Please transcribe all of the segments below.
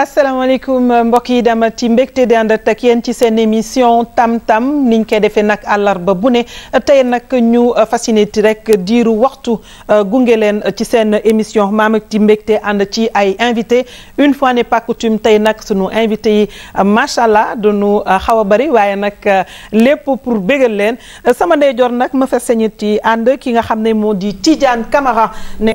asalaamaaleykum alaikum yi dama ci de di ànd ak ci sen émission tam tam niñ koy defee nak alarba bu ne tey nag ñu fascinéti rek diiru waxtu euh, gungé len ci sen émission mam ak ci mbégte ci ay invité une fois n'est pas coutume tay nak suñu invité yi euh, machallah allah ñu euh, xawa bari wayé nak lépp pour bégal len sama jor nak ma fa sañit ci ànd ki nga xamné ne di Tidiane Camara ne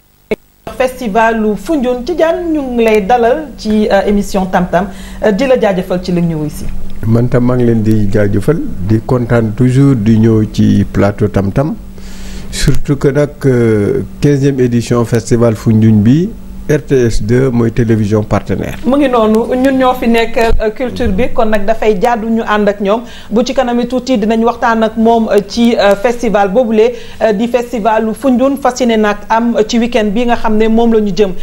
festivalu Foundiougne Tidiane ñu ngi lay dalal ci euh, émission Tam Tam euh, di la jaajëfal ci li ñu ici man tam maa ngi leen di jaajëfal di contane toujours di ñëw ci plateau Tam Tam surtout que 15 euh, quinzième édition festival Foundiougne bi. RTS 2 moy télévision partenaire. ngi euh, culture bi kon jaadu ñu ak bu ci kanami dinañ waxtaan euh, euh, festival bobulé di festival am ci weekend bi nga jëm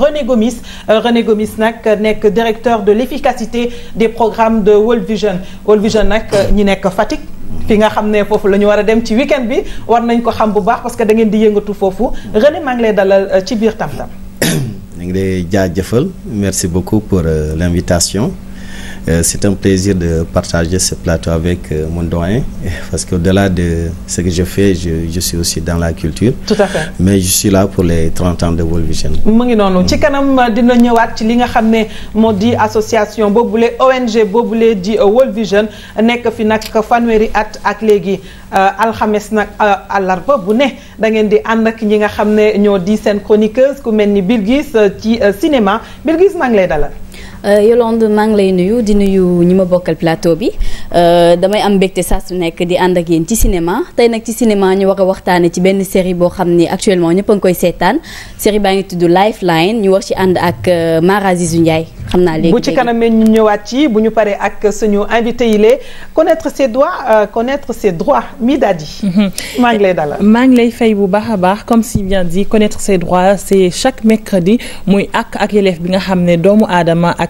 René Gomis René Gomis directeur de l'efficacité des programmes de World Vision World Vision nak ñi fi nga xam ne foofu la ñu war a dem ci weekend bi war nañ ko xam bu baax parce que da ngeen di yëngatu foofu René maa ngi lay dalal euh, ci biir tam tam. ñu ngi lay jëfal merci beaucoup pour euh, l'invitation. Euh, c'est un plaisir de partager ce plateau avec euh, mon doyen, parce qu'au-delà de ce que je fais, je, je, suis aussi dans la culture. Tout à fait. Mais je suis là pour les 30 ans de World Vision. mu ngi noonu ci kanam euh, dina ñëwaat ci li nga xam association ONG di euh, World Vision nekk fi nak qui at ak léegi alxames nag àllarba bu ne da ngeen di and ak ñi nga xam ñoo di seen chroniqueuse ku melni Birgis ci cinéma Birgis maa lay dalal. Euh, Yolande maa lay nuyu di nuyu ñima bokal plateau bi euh, damay am mbégte sa su nek di and ak yeen ci cinéma tay nak ci cinéma ñu war waxtane ci benn série bo xam actuellement ñëpp ngoy ngi koy seetaan série baa tudd Lifeline ñu wax ci and ak euh, Mara Azizou Ndiaye xam naa bu ci kanamee ñu ñëwaat ci bu ñu ak suñu invité yi lé connaître ses droits connaître ses droits mi daal di. Mhm. maa ngi lay lay fay bu baaxa baax comme si bien dit connaître ses droits c'est chaque mercredi muy ak ak élève bi nga xamné doomu aadama ak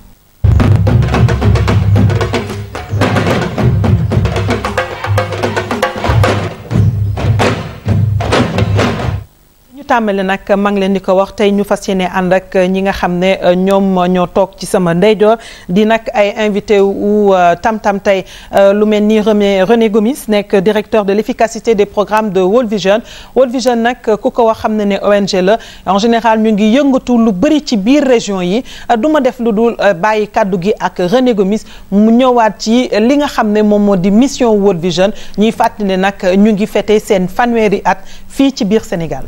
tàmbali nak maa ngi leen di wax tay ñu fas yéene ak ñi nga xamné euh, ñom ño tok ci sama ndeyjoor di nak ay invité wu euh, tam-tam tay euh, lu melni René Gomis nek directeur de l'efficacité des programmes de World Vision World Vision nak ku ko wax xamné né ne ONG la en général ñu ngi yëngatu lu bari ci biir région yi duma def lu dul bàyyi kaddu gi ak René Gomis mu ñëwaat ci li nga xamné mom modi mission World Vision ñi fàttali nak ñu ngi fete sen fanweeri at fi ci biir Sénégal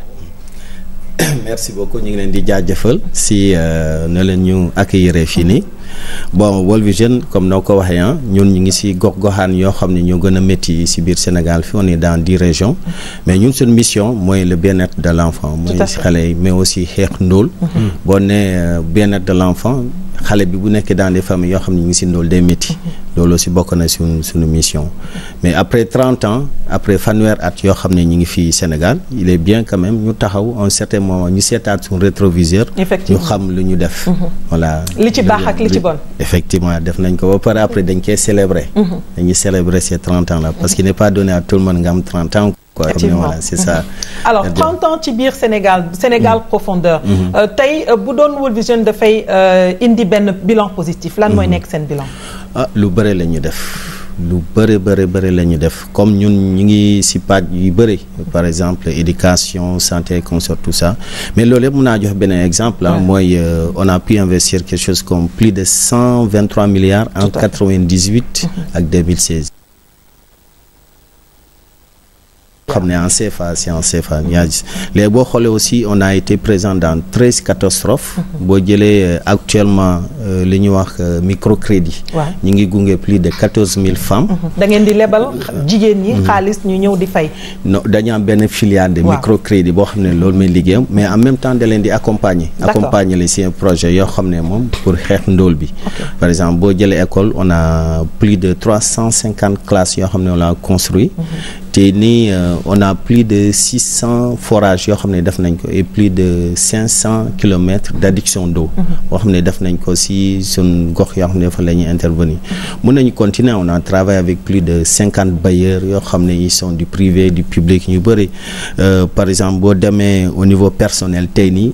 merci beaucoup ñu ngi leen di jaajëfal si euh, nous leen ñu accueillir fini, bon World Vision comme noo ko waxee ah, ñun ñu ngi si gox-goxaan yoo xam ne ñoo gën a métti biir Sénégal fi on est dans dix régions mais ñun suñu mission mooy le bien-être de l'enfant, enfant. mooy mais aussi xeex ndóol. Mm-hmm. boo nee euh, bien-être de l'enfant xalé bi bu dans des familles yo ont ngi des bokk na mission mais après 30 ans après fanweer at yo xam ngi fi Sénégal il est bien quand même ñu taxaw un certain moment ñu seetaat un rétroviseur ñu xam lu ñu def mm-hmm. voilà li ci ak li ci bon effectivement def nañ ko ba après dañ célébrer mm-hmm. célébrer ces 30 ans là parce qu'il n'est pas donné à tout le monde ngam 30 ans alors 30 ans Tibir Sénégal Sénégal mm-hmm. profondeur. vous mm-hmm. euh, euh, bu doon une Vision de euh, indi un bilan positif lan moy un mm-hmm. sen bilan. ah lu bëri lañu def. lu def comme ñun ñi ngi si yu par exemple éducation santé consort tout ça mais lolé mëna jox exemple hein. Moi, on a pu investir quelque chose comme plus de 123 milliards en 98 et 2016. xam ne en CFA c'est en CFA ñaa gis léegi boo aussi on a été présent dans treize catastrophes mhm. boo jëlee euh, actuellement euh, li wax euh, microcrédit ñu ngi gunge plus de quatorze mille femmes mhm. da ngeen di lebal jigéen ñi mhm. xaalis ñu ñëw di fay non dañu am benn filiale de microcrédit boo xam ne loolu mooy mais en même temps de leen di accompagner accompagner les seen projet yoo xam ne pour xeex ndóol bi par exemple boo jëlee école on a plus de trois cent cinquante classes yoo xam on a construit euh, on a plus de 600 forages et plus de 500 km d'addiction d'eau. Mhm. On a on a travaillé avec plus de 50 bailleurs ils sont du privé du public euh, par exemple au niveau personnel tey nii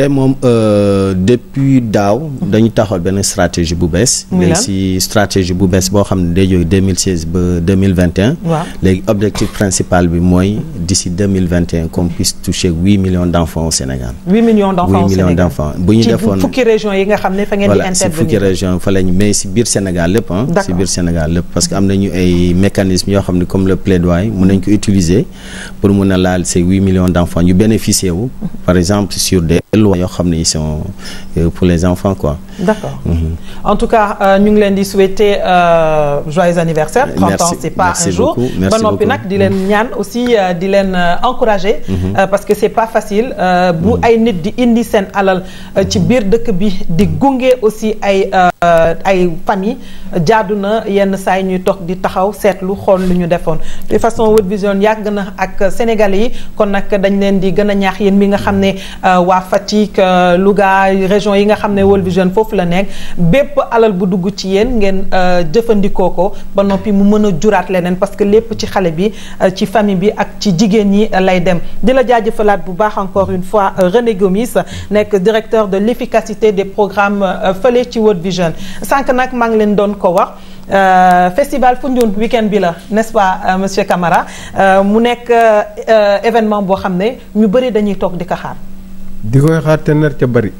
Euh, depuis DAO, dañu avons une stratégie pour baisser. Mais si stratégie pour baisser, boo xam 2016 2021 L'objectif objectif principal bi d'ici 2021 qu'on puisse toucher 8 millions d'enfants au Sénégal 8 millions d'enfants au millions d'enfants bu ñu région yi nga xam fa ngeen di intervenir région mais si le Sénégal lépp hein Sénégal parce qu'il y a un mécanisme comme le plaidoyer on utiliser pour mon ces 8 millions d'enfants Ils bénéficient, par exemple sur des euh, pour les enfants quoi. D'accord. -hmm. en tout cas euh, ñu ngi leen di souhaiter euh, joyeux anniversaire. merci ans pas un jour Bon, noppi nag di leen mhm. ñaan aussi di leen encourager. Mhm. parce que c'est pas facile bu mhm. ay nit di indi seen alal ci biir dëkk bi di gunge aussi ay ay famille jaadu y yenn saa yi ñuy toog di taxaw seetlu xool lu ñu de façon World Vision yàgg na ak Sénégalais yi kon que dañ leen di gën a ñaax yéen mi nga xam ne Fatick euh, Louga région yi nga World Vision la alal bu ci ngeen euh, ba parce que lépp ci xalé bi euh, ci famille bi ak ci encore une fois René Gomis nek directeur de l'efficacité des programmes World Vision sank nak ma ngi festival Foundiougne week-end n'est-ce pas monsieur Camara mu événement bo xamné ñu dañuy di koy xaar te nar ca bëri.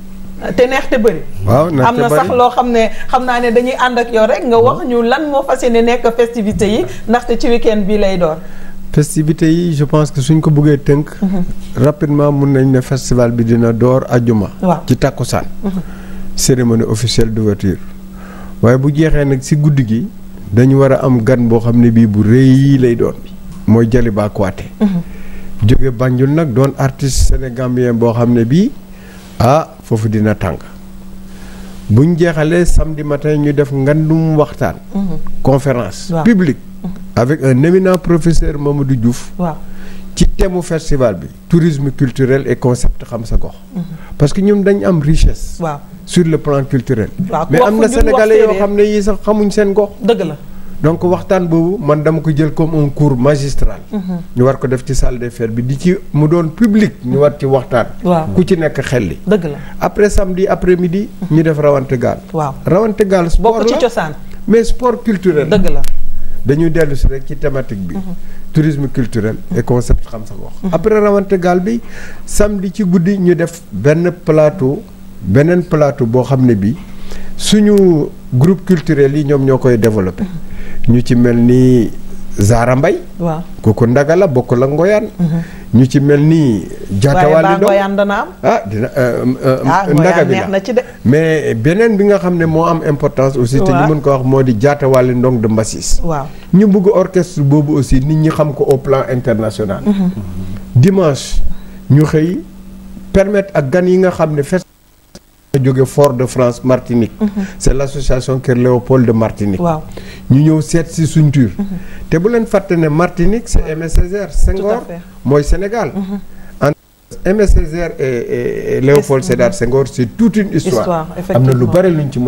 te neex te bëri. waaw neex te bëri loo xam ne xam naa ne dañuy ànd ak yow rek nga wax ñu lan moo fas yéene nekk festivités yi ndaxte ci week-end bii lay door. festivités yi je pense que suñ ko bëggee tënk. Mhm. rapidement mun nañ ne festival bi dina door ajuma. waaw ci takkusaan. Mhm. cérémonie officielle d'ouverture waaye bu jeexee nag si guddi gi dañu war a am gan boo xam ne bii bu rëy lay doon. mooy Jaliba Kouyaté. Mhm. jóge Banjul nak doon artiste sénégambien bo xamné bi Tanga. ah fofu dina tang buñ jéxalé samedi matin ñu def ngandum waxtaan. Mhm. conférence publique. Mhm. avec un éminent professeur Mamadou Diouf. waaw ci thème festival bi. tourisme culturel et concept xam sa gox. Mhm. parce que ñoom dañ am richesse. sur le plan culturel. mais amna sénégalais yo xamné yi sax xamuñ sen gox. la. donc waxtaan boobu man dama ko jël comme un cours magistral. Mhm. ñu war ko def ci salle des fêtes bi di ci mu doon public ñu war ci waxtaan. ku ci nekk xel li. dëgg la après samedi après midi. ñu def rawante gaal. waaw rawante gaal sport la bokk ci mais sport culturel. dëgg la dañuy dellu si rek ci thématique bi. Mhm. tourisme culturel et concept xam sa wax. Mhm. après rawante gaal bi samedi ci guddi ñu def benn plateau beneen plateau boo xam ne bi suñu groupe culturel yi ñoom ñoo koy développé. ñu ci mel ni Zara Mbaye waaw kooku ndaga la bokk la ngoyaan mhm. ñu ci mel ni jaatawaali do ah dina euh, euh, ah, ndaga bi la mais beneen bi nga xam ne moo am importance aussi te ñu mën ko wax moo di jaatawaali ndong de Mbassis waaw ñu bëgg orchestre boobu aussi nit ñi xam ko au plan international mhm. dimanche ñu xëy permettre ak gan yi nga xam ne fes Fort de France Martinique mhm. c'est l'association que Léopold de Martinique waaw ñu ñëw seet si suñ tur mhm. te Martinique c'est msr Senghor mooy Sénégal mhm. Aimé et Léopold Sédar Senghor c'est toute une histoire Nous avons lu bari luñ ci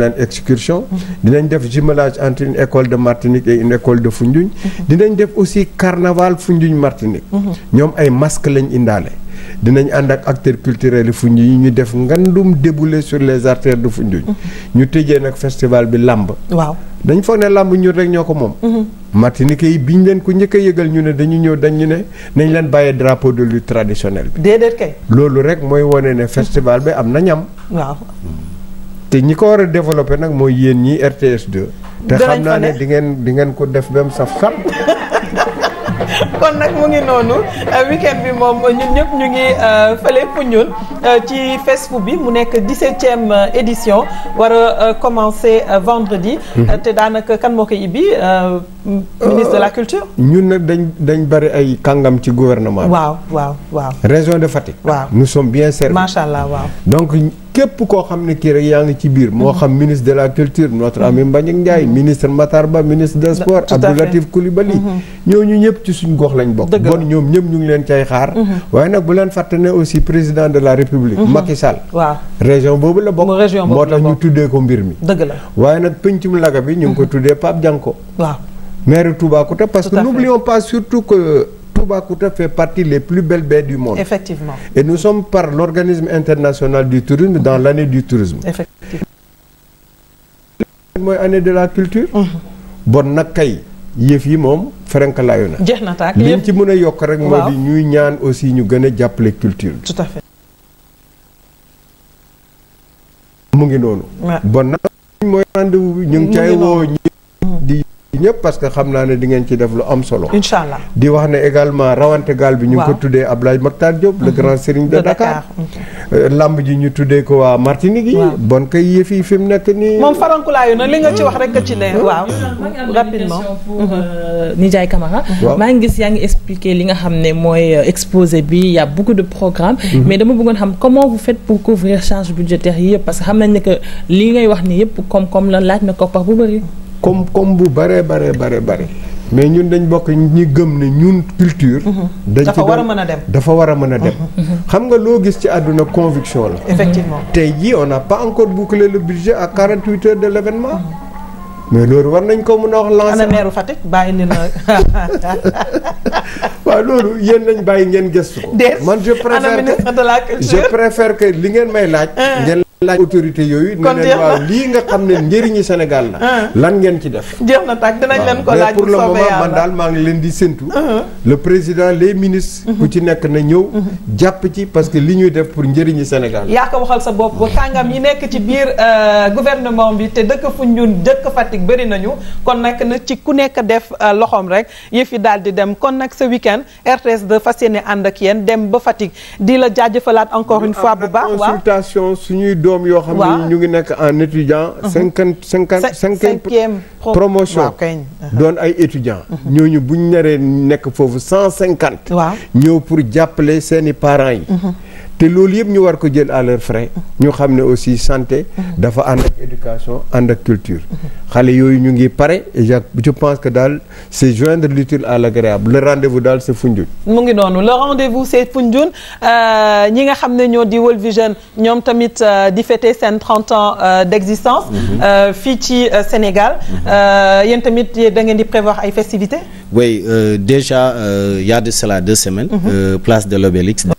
avons fait un jumelage entre une école de Martinique et une école de Nous d'une def aussi carnaval Foundiougne Martinique Nous avons masque lañ masque. dinañ ànd ak acteur culturels yi Foundiougne ñu def ngandum déboulé sur les artères du Foundiougne mhm. ñu tëjee nag festival bi làmb waaw dañ foog ne làmb ñun rek ñoo ko moom mhm. Martinique bi ñu leen ko njëkk a yëgal ñu ne dañu ñëw dañu ne nañ leen bàyyee drapeau de lutte traditionnel bi déedéet kay loolu rek mooy wane ne festival bi am na ñam waaw te ñi ko war a développé nag mooy yéen ñi RTS 2 te xam naa ne di ngeen di ngeen ko def ba mu saf sap kon nak mu ngi noonu euh, weekend bi moom ñun ñëpp ñu ngi euh, fële fu ñun euh, ci FESFU bi mu nekk 17e édition war a commencer vendredi. Mhm. te daanaka kan moo koy ibbi ministre de la culture. ñun nag dañ dañ bari ay kàngam ci gouvernement waaw waaw waaw. région de Fatick. waaw nous sommes bien servis. macha allah waaw donc. képp koo xam ne kii rek yaa ngi ci biir moo xam ministre de la culture notre ami mm-hmm. Mbagnick Ndiaye mm-hmm. ministre Matar Ba ministre des sports Abdou Latif Coulibaly mm-hmm. ñooñu ñëpp ci suñ gox lañ bokk bon ñoom ñëpp ñu ngi leen cay xaar waaye nag bu leen fàtte ne aussi président de la république Macky région boobu la bokk moo tax ñu tuddee ko mbir mi dëgg la waaye nag péncum laga bi ñu ngi ko tuddee Pape Janko waaw maire Toubacouta parce que n'oublions pas surtout Toubacouta fait partie des plus belles baies du monde. Effectivement. Et nous sommes par l'organisme international du tourisme dans l'année du tourisme. Effectivement. Moi, année de la culture. Hum. bon nag kay yëf yi moom frank laayu na. jeex na tàkk li ci mën a rek. ñaan aussi ñu gën a culture tout à fait. mu ngi bon nag mooy rendez-vous ñu ci ñëpp parce que xam naa ne di ngeen ci def lu am solo. incha allah di wax ne également rawante gaal bi. ñu ngi ko tuddee Ablaye Mactar Diop. le mhm. grand serigne de Dakar. Euh, lamb ji ñu tuddee ko waa Martinique yi. bon kay yëf yi fi mu nekk nii. moom farankulaayu na li nga ci wax a ci leen. Hmm? waaw rapidement. Ndiaye mhm. euh, Camara. maa ngi gis yaa ngi expliquer li nga xam ne mooy euh, exposé bi y' a beaucoup de programmes. Mhm. mais dama bëggoon xam comment vous faites pour couvrir charge budgétaire yi yëpp parce que xam nañ ne que li ngay wax ni yëpp comme comme laaj na koppar bu bëri. comme comme bu baree baree baree bare mais ñun dañ bokk ñi gëm né ñun culture. Mhm. dañ ci dafa wara mëna dem dafa war a dem. Mhm. xam nga lo gis ci aduna conviction la. effectivement tay ji on n'a pas encore bouclé le budget à 48 heures de l' événement. Mhm. mais loolu war nañ ko mëna wax lancer. ana mère Fatick bàyyi la. Wa lolu yeen nañ bàyyi ngeen gëstu ko. man je préfère que je préfère que li ngeen may laaj. Ah laaj autorité yooyu. kon ne leen waaw nga xamné ne Sénégal la. Ah. lan ngeen ci def. jeex na tàkk dinañ len ko laaj pour le moment man dal ma ngi len di séntu. Ah. le président les ministres. Mm-hmm. ku ci nek na ñew mm-hmm. japp ci parce que li ñuy def pour njëriñu Sénégal. ya ko waxal sa bop ba kàngam yi nek ci biir euh, gouvernement bi te dëkk Foundiougne dekk Fatick bari nañu kon nag na ci ku nek def euh, loxom rek yefi dal di dem kon nak ce week-end RTS de fas and ak yéen dem ba Fatick di la jaajëfalaat encore une fois bu baax waaw consultation suñuy nous yo un étudiant 50 mhm. promotion mhm. doon ay étudiant nous 150 pour parents mhm. Et l'olive yëpp ñu war ko à leurs frais ñu xam aussi la santé dafa ànd éducation ànd culture Les enfants ñu ngi et je pense que c'est joindre l'utile à l'agréable le rendez-vous c'est Foundiougne le rendez-vous c'est Foundiougne euh, ñi nga xam ñoo World Vision ñoom tamit euh, di fêter 30 ans euh, d'existence mm-hmm. Fichi, Sénégal mm-hmm. Nous tamit da ngeen di prévoir festivités oui déjà il y a de cela deux semaines mm-hmm. place de l'Obélix.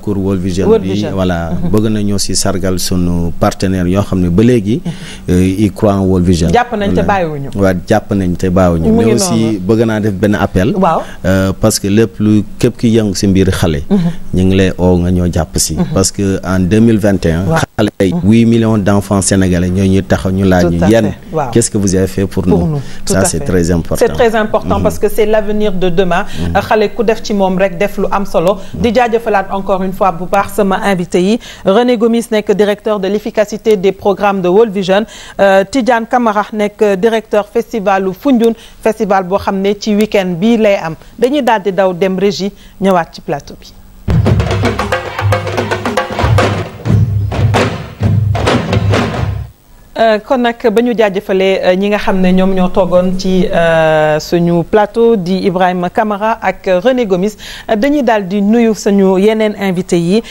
parcours World Vision voilà voilà bëgg nañoo ci sargal sunu partenaire yoo xam ne ba léegi y euh, croient en World Vision jàpp nañ te bàyyiwuñu waaw jàpp nañ te bàyyiwuñu mais aussi bëgg naa def benn appel waaw euh, parce que lépp lu képp ki yëngu si mbir xale ñu ngi lay oo nga ñoo jàpp si parce que en 2021 xale huit millions d'enfants sénégalais ñoo ñu taxaw ñu laaj ñu yenn qu'est-ce que vous avez fait pour nous ça c'est très important c'est très important parce que c'est l'avenir de demain mm-hmm. xale ku def ci moom rek def lu am solo mm-hmm. di jaajëfalaat encore une fois bu baax sama invité René Gomis que directeur de l'efficacité des programmes de World Vision euh, Tidiane Camara nekk directeur festivalu Foundiougne festival qui xam ne ci week-end Nous lay am dañuy daal daw dem régie ñëwaat plateau Euh, kon nak bañu ñu euh, ñi nga xamné ñom ñoo togon ci euh, suñu plateau di Ibrahim Camara ak René Gomis dañuy dal di nuyu suñu yenen invité yi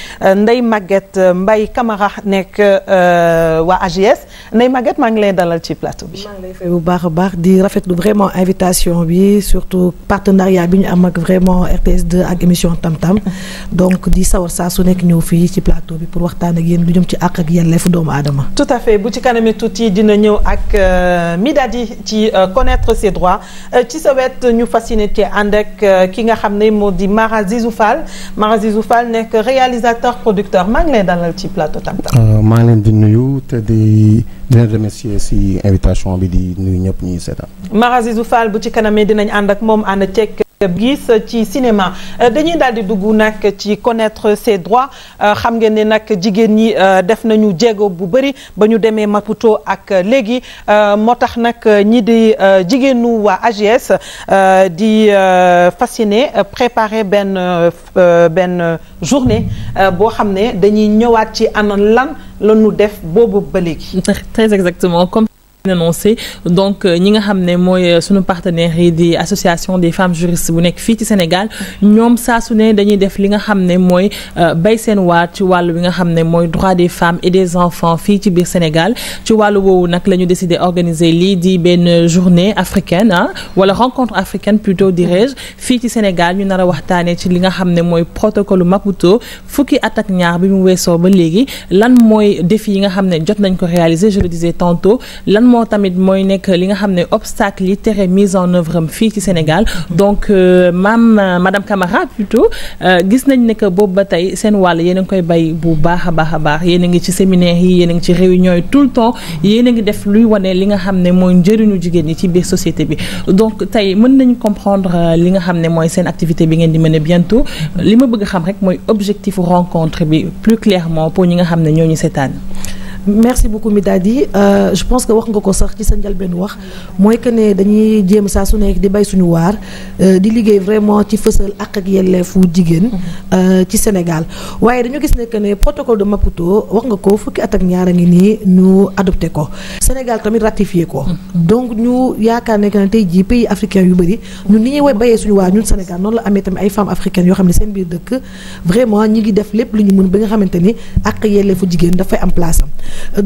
Ndeye Maguette Mbay Camara euh wa AGS Ndeye Maguette maa ngi lay dalal ci plateau bi. maa ngi lay fay bu baax baax di rafetlu vraiment invitation bi surtout partenariat bi ñu am ak vraiment RTS 2 ak émission Tam Tam donc di sawar sa su nek ñëw fi ci plateau bi pour waxtaan ak yeen du jëm ci ak ak yelleefu doomu adama tout à fait bu ci kanam touti dina ñëw ak euh, Midadi ci euh, connaître ses droits euh, ci souhaite ñu fasciné ci and ak ki nga xamné modi moo Mara Fall Mara Fall réalisateur producteur maa ngi lay dalal ci plateau Tam Tam. maa ngi leen di nuyu te di leen remercier si invitation bi di nuyu ñëpp ñi sétal Mara Zizou Fall bu ci kanamee dinañ and ak mom ànd ceeg gis ci cinéma euh, dañuy daal di dugg nag ci connaître ses droits euh, xam ngeen ne nak jigéen ñi euh, def nañu bu bari ba ñu Maputo ak légui motax nak ñi di jigéenu wa AGS di fasciné préparer ben ben journée bo xamné dañuy ñëwaat ci anan lan la ñu def boobu ba légui très exactement annoncé donc euh, nous sommes xam ne mooy euh, sunu partenaires yi di association des femmes juristes bu nekk ci Sénégal nous sommes su ne dañuy def li nga xam ne mooy euh, bay seen les ci wàllu bi nga des femmes et des enfants filles ci biir Sénégal ci wàllu woowu nag la décidé organiser lii di journée africaine ou ah, wala rencontre africaine plutôt dirais-je fii ci Sénégal ñu nar a waxtaanee ci li nga protocole Maputo fukki attaque ak ñaar bi mu weesoo ba léegi lan mooy défi nga xam jot nañ ko réaliser je le disais tantôt lan souvent tamit moy nek li nga xamné obstacle yi tere mise en œuvre fi ci Sénégal donc euh, maam euh, madame Camara plutôt euh, gis nañ nek que batay sen wal seen ngi koy bay bu baax a baax a ngi ci séminaire yi yéen ngi ci réunion yi tout le temps yéen ngi def luy wane li nga xamné moy mooy njëriñu jigéen ñi ci biir société bi donc tay mën nañ comprendre li nga xamné moy sen activité bi ngeen di mener bientôt li ma bëgg xam rek moy objectif rencontre bi plus clairement pour ñi nga xamné ñoo ñu sétane merci beaucoup Midadi euh, je pense que wax nga ko sax ci sa ben wax moy que ne dañuy jéem sa su nek di bay suñu waar euh, di liguey vraiment ci fësal ak ak jigen mhm. euh ci Sénégal waye dañu gis ne que ne protocole de Maputo wax nga ko fukki at ak ñaar a ngi nii ñu adopté ko Sénégal tamit ratifier ko mhm. donc ñu yaakaar ne que tay ji pays africain yu bari ñu ni way baye suñu war ñun Sénégal non la amé tamit ay femmes africaines yo xam ne seen biir dëkk vraiment ñi ngi def lepp lu ñu mëne ba nga xamanteni ak ak jigen da fay am place am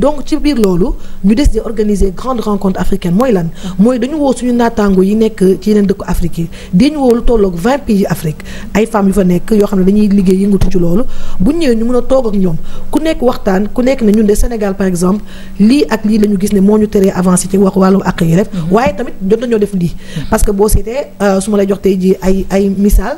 donc ci bir loolu ñu dess décidé organiser grande rencontre africaine moy lan moy dañu wo suñu natango yi nek ci yeneen dëkku Afrique yi dañu wo lu tollok 20 pays Afrique ay femmes yu fa nek yo xamne dañuy liggéey yëngatu ci loolu bu ñëwee ñu mëna a toog ak ñom ku nek waxtaan ku nek ne ñun de Sénégal par exemple li ak li lañu ñu gis ne moo ñu teree avancé ci wax wàllum ak yi rek mhm. waye tamit jot nañoo def li mhm. parce que bo seetee euh, su ma lay jox tay ji ay ay misaal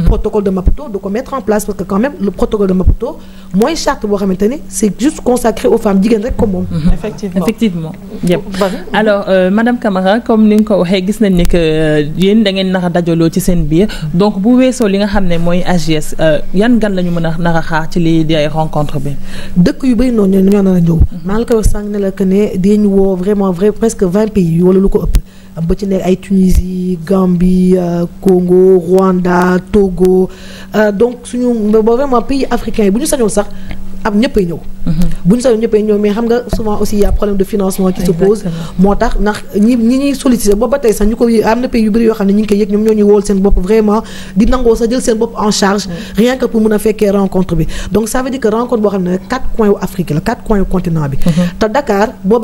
protocole de Maputo donc on mettre en place parce que quand même le protocole de Maputo charte c'est juste consacré aux femmes comme mhm. effectivement effectivement alors euh, madame Camara comme nous avons dit que euh, donc vous dit que rencontres bi que yu dit que vous avez dit que vraiment vrai presque 20 pays wala lu ba ci nekk ay Tunisie Gambie euh, Congo Rwanda Togo euh, donc suñu ba vraiment pays africains yi bu ñu sañoon sax ne ñëppay pas Mhm. buñ ñu soobee ñëppay mais xam nga souvent aussi y' a problème de financement qui se pose motax tax ndax ñi ñi solliciter. bo batay sax ñuko am na pays yu bëri yo xam ñi ngi koy ñoom ñoo ñuy wóol seen vraiment di nango sa jël seen bop en charge rien que pour mëna féké rencontre bi donc ça veut dire que rencontre bo quatre coins d'Afrique, Afrique la quatre coins du continent bi mhm. ta Dakar boo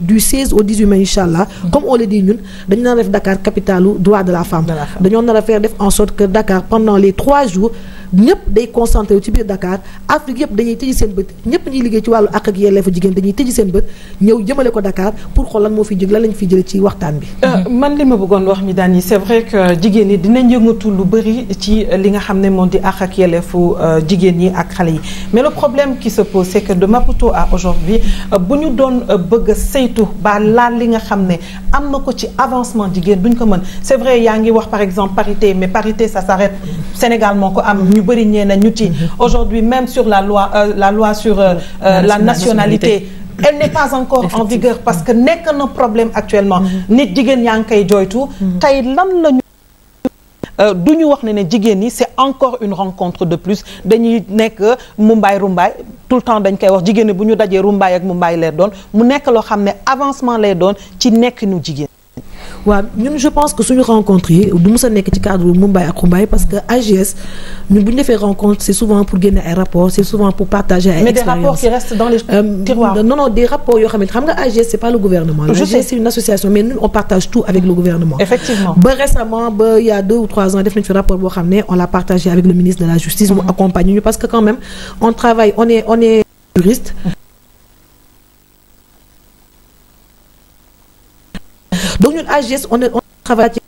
du 16 au 18 mai incha mhm. comme on le dit ñun dañu na a def Dakar capitale droit de la femme dañoo nar a faire def en sorte que Dakar pendant les trois jours ñëpp day concentré au ci Dakar Afrique yëpp dañuy tëj seen ñëpp ñi liggéey ci walu ak ak yelleefu jigéen dañuy tëj seen bët ñëw jëmale ko Dakar pour xool lan moo fi jóg lan lañ fi jële ci waxtaan bi euh, man li ma bëggoon wax ñu daan yi c'est vrai que jigéen ñi dinañ yëngatu lu bëri ci li nga xam ne moom di ak ak yelleefu euh, jigéen ñi ak xale yi mais le problème qui se pose c'est que de Maputo à aujourd'hui euh, bu ñu doon bëgg a saytu ba laal li nga xam ne am na ko ci avancement jigéen duñ ko mën c'est vrai yaa ngi wax par exemple parité mais parité ça s'arrête Sénégal moo ko am ñu bëri ñee na ñu ci mm-hmm. aujourd'hui même sur la loi euh, la loi sur euh, euh, la nationalité elle n'est pas encore en vigueur parce que n'est un problème actuellement mm-hmm. nous mm-hmm. euh, c'est encore une rencontre de plus dañuy Mumbai tout le temps nous avons wax jigéen Nous nous avons ak je pense que suñu nous rencontrons, nous Mumbai parce que AGS nous bu fait rencontre c'est souvent pour gagner un rapport, c'est souvent pour partager les mais des rapports qui restent dans les euh, tiroirs. non non des rapports yoo xam xam AGS ce pas le gouvernement. je sais AGS c'est une association mais nous, on partage tout avec le gouvernement. effectivement récemment il y a deux ou trois ans rapport on l'a partagé avec le ministre de la justice. Mhm. accompagne parce que quand même on travaille on est on est juriste. donc ñun AGS on on travaille ci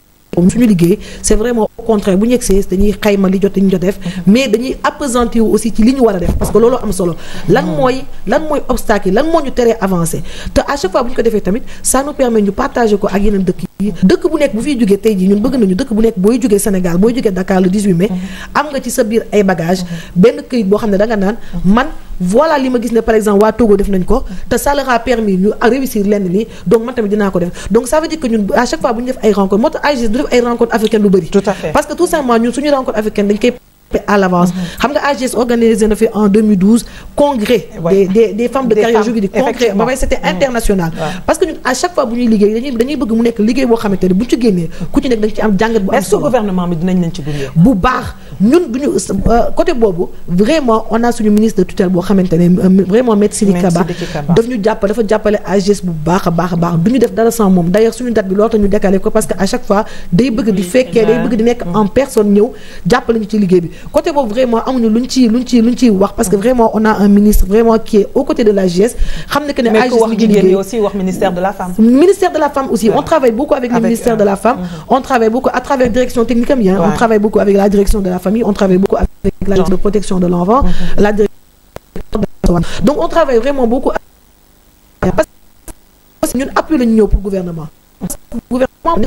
suñu liggéey c'est vraiment au contraire bu ñu dañuy xayma li jot li ñu jot def mais dañuy appesantir aussi ci li ñu war def parce que lolo am solo lan moy hmm. lan moy obstacle lan moo ñu teree avancé te à chaque fois buñ ko défé tamit ça nous permet ñu partager ko ak yeneen dëkk yi dëkk bu nekk bu fi jógee tay jii ñun bëgg nañu dëkk bu nekk boy jógee Sénégal boy jógee Dakar le 18 mai hmm. am nga ci sa bir ay bagages hmm. benn keuy bo xamné da nga naan man voilà li ma gis ne par exemple wa Togo def nañ ko te ça leur a permis ñu réussir lenn donc man tamit dina ko def donc ça veut dire que ñun à chaque fois bu ñu def ay rencontre moo tax AIGIS du def ay rencontre africaine lu bëri. tout à fait parce que tout simplement ñun suñu rencontre africaine dañ koy à l'avance mhm. xam nga AGS organisé na fi en 2012 congrès eh des des des femmes de carrière juridique congrès c'était mhm. international parce que ñun à chaque fois bu ñuy liggéey dañuy dañuy bëgg mu nekk liggéey boo xamante ne bu vous ci génnee ku ci nekk da ci am jàngat bu am est-ce que gouvernement a dinañ leen ci Boubar, bu baax ñun euh, côté Bobo. vraiment on a suñu ministre de tutelle boo xamante euh, vraiment maître Sidiki Kaba daf ñu jàppale dafa jàppale AGS bu baax a baax a baax du ñu def dara sans moom suñu date bi l'autre, nous ñu décalé ko parce que à chaque fois day bëgg di fekkee day bëgg di nekk mm. en personne nous jàppale ñu ci ligue. bi côté vraiment luñ ci luñ ci luñ parce que vraiment on a un ministre vraiment qui est aux côtés de la gs que né aussi wax ministère de la femme ministère de la femme aussi on travaille beaucoup avec le ministère de la euh, femme mm-hmm. on travaille beaucoup à travers direction technique bien hein. on travaille beaucoup avec la direction de la famille on travaille beaucoup avec la direction de protection de l'enfant mm-hmm. la donc on travaille vraiment beaucoup parce que ñun appui pour gouvernement gouvernement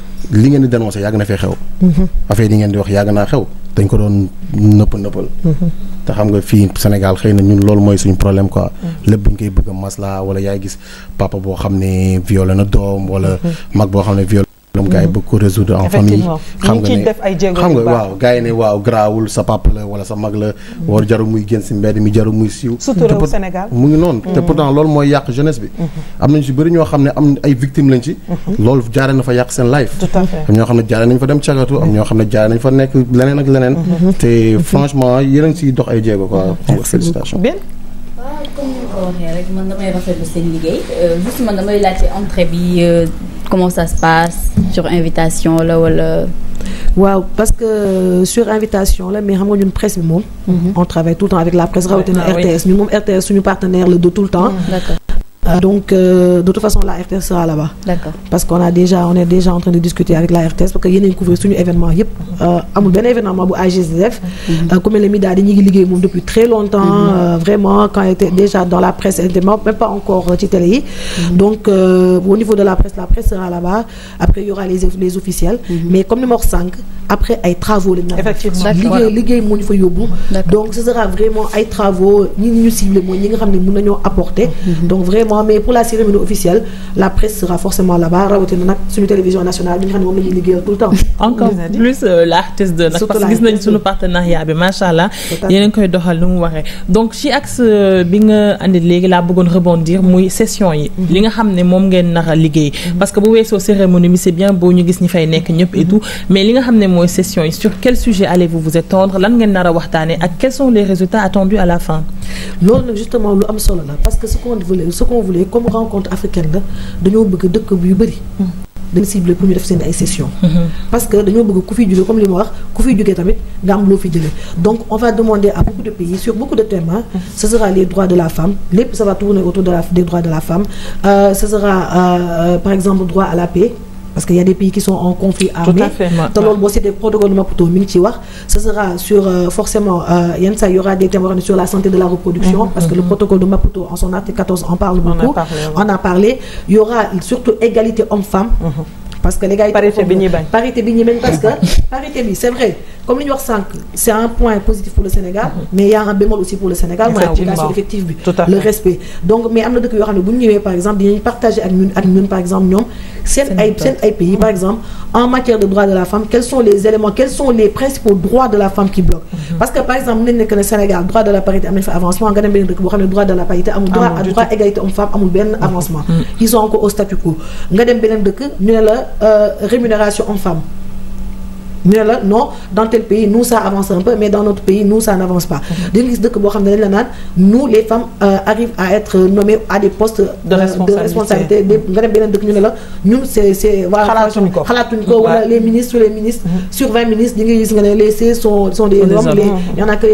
li ngeen di dénoncé yàgg na fee xew. Mhm. affaire yi ngeen di wax yàgg naa xew dañ ko doon nëpp nëppal. Mhm. te xam nga fii Sénégal xëy na ñun loolu mooy suñu problème quoi. Mhm. lépp buñ koy bëgg a maslaa wala yaay gis papa boo xam ne violé na doom wala mag boo xam ne violé. lom gars yi bëgg ko résoudre en famille xam nga ne xam nga waaw gars yi ne waaw garaawul sa papa la wala sa mag la mm-hmm. war jaru muy génn si mbedd mi jaru muy siiw mu ngi noonu te mm-hmm. pourtant loolu mooy yàq jeunesse bi mm-hmm. am nañu si bëri ñoo xam ne am ay victime lañ ci loolu jaare na fa yàq seen life ñoo xam ne jaare nañ fa dem cagatu ñoo xam ne jaare nañ fa nekk leneen ak leneen te franchement yéen a ngi dox ay jéego quoi félicitations waaw comme ni ko waxee rek man damay rafetlu juste man damay laajte entrée euh, comment ça se passe sur invitation la wala. parce que euh, sur invitation là, mais xam nga presse bi mhm. on travaille tout le temps avec la presse rawatina ah RTS ñun RTS suñu partenaire la de tout le temps. Mhm. d'accord euh, donc, euh, de toute façon, la RTS sera là-bas. D'accord. Parce qu'on a déjà, on est déjà en train de discuter avec la RTS parce qu'il y a couvrir suñu événement yëpp. Euh, amul un événement bu AGSF. Mhm. comme les Mida dañuy liggéey depuis très longtemps. Mhm. vraiment quand il était déjà dans la presse, même pas encore ci télé mhm. donc au niveau de la presse, la presse sera là-bas. Après, il y aura les, les officiels. Mais comme le mort 5, après, il y a travaux. Effectivement. Ligue, il faut yobu. Donc, ce sera vraiment des travaux. Nous ciblons, nous apporter. Donc, vraiment, mais pour la cérémonie officielle la presse sera forcément là-bas rawatina sur télévision nationale nous allons nous tout le temps. encore plus euh, l'artiste de la parce que gis partenariat bi macha il y a un peu doxal nu donc si axe euh, bing nga andi la laa rebondir mouy session yi. Mhm. li nga xam ngeen mhm. parce que bu weesoo cérémonie mais c'est bien beau nous gis ñi fay une équipe et mhm. tout mais li nga xam session yi sur quel sujet allez-vous vous étendre lan ngeen nar quels sont les résultats attendus à la fin. loolu justement lu am solo parce que ce qu'on voulait ce qu'on comme rencontre africaine de nous bëgg dëkk yu bëri. Hmm. cible pour ñu def seen ay sessions. Hmm. Hmm. parce que de bëgg ku fi comme les mois wax ku fi juggé tamit nga am donc on va demander à beaucoup de pays sur beaucoup de thèmes hein, ce sera les droits de la femme lépp ça va tourner autour de la des droits de la femme euh, ce sera euh, euh par exemple droit à la paix parce qu'il y a des pays qui sont en conflit armé. Dans c'est des protocoles de Maputo, Minchiwa. Ce sera sur, euh, forcément, euh, il y aura des témoignages sur la santé de la reproduction, mhm, parce que le mhm. protocole de Maputo, en son article 14, en parle beaucoup. On a parlé. Il y aura surtout égalité homme-femme. Mhm parce que les gars. parité bi ben parité bi parce que parité bi c'est vrai comme li York c'est c'est un point positif pour le Sénégal. Mhm. mais il y' a un bémol aussi pour le Sénégal. mooy effective bi. le respect donc mais il y a un bu ñëwé par exemple dinañ partager ak ñun ak ñun par exemple ñom c'est ay pays par exemple en matière de droits de la femme quels sont les éléments quels sont les principaux droits de la femme qui bloquent. Mhm. parce que par exemple nañ que le Sénégal droit de la parité am fait avancement nga dem benn dëkk xamné droit de la parité amul droit à droit égalité homme femme amul ben avancement. Mhm. ils sont encore au statu quo nga dem benen deuk ñu euh, rémunération en femme, non dans tel pays nous ça avance un peu mais dans notre pays nous ça n'avance pas. d'une liste de nous les femmes euh, arrivent à être nommées à des postes. Euh, de responsabilité de responsabilité voilà la les ministres les ministres. Mhm. sur 20 ministres les sont sont des hommes il mhm. y en a que.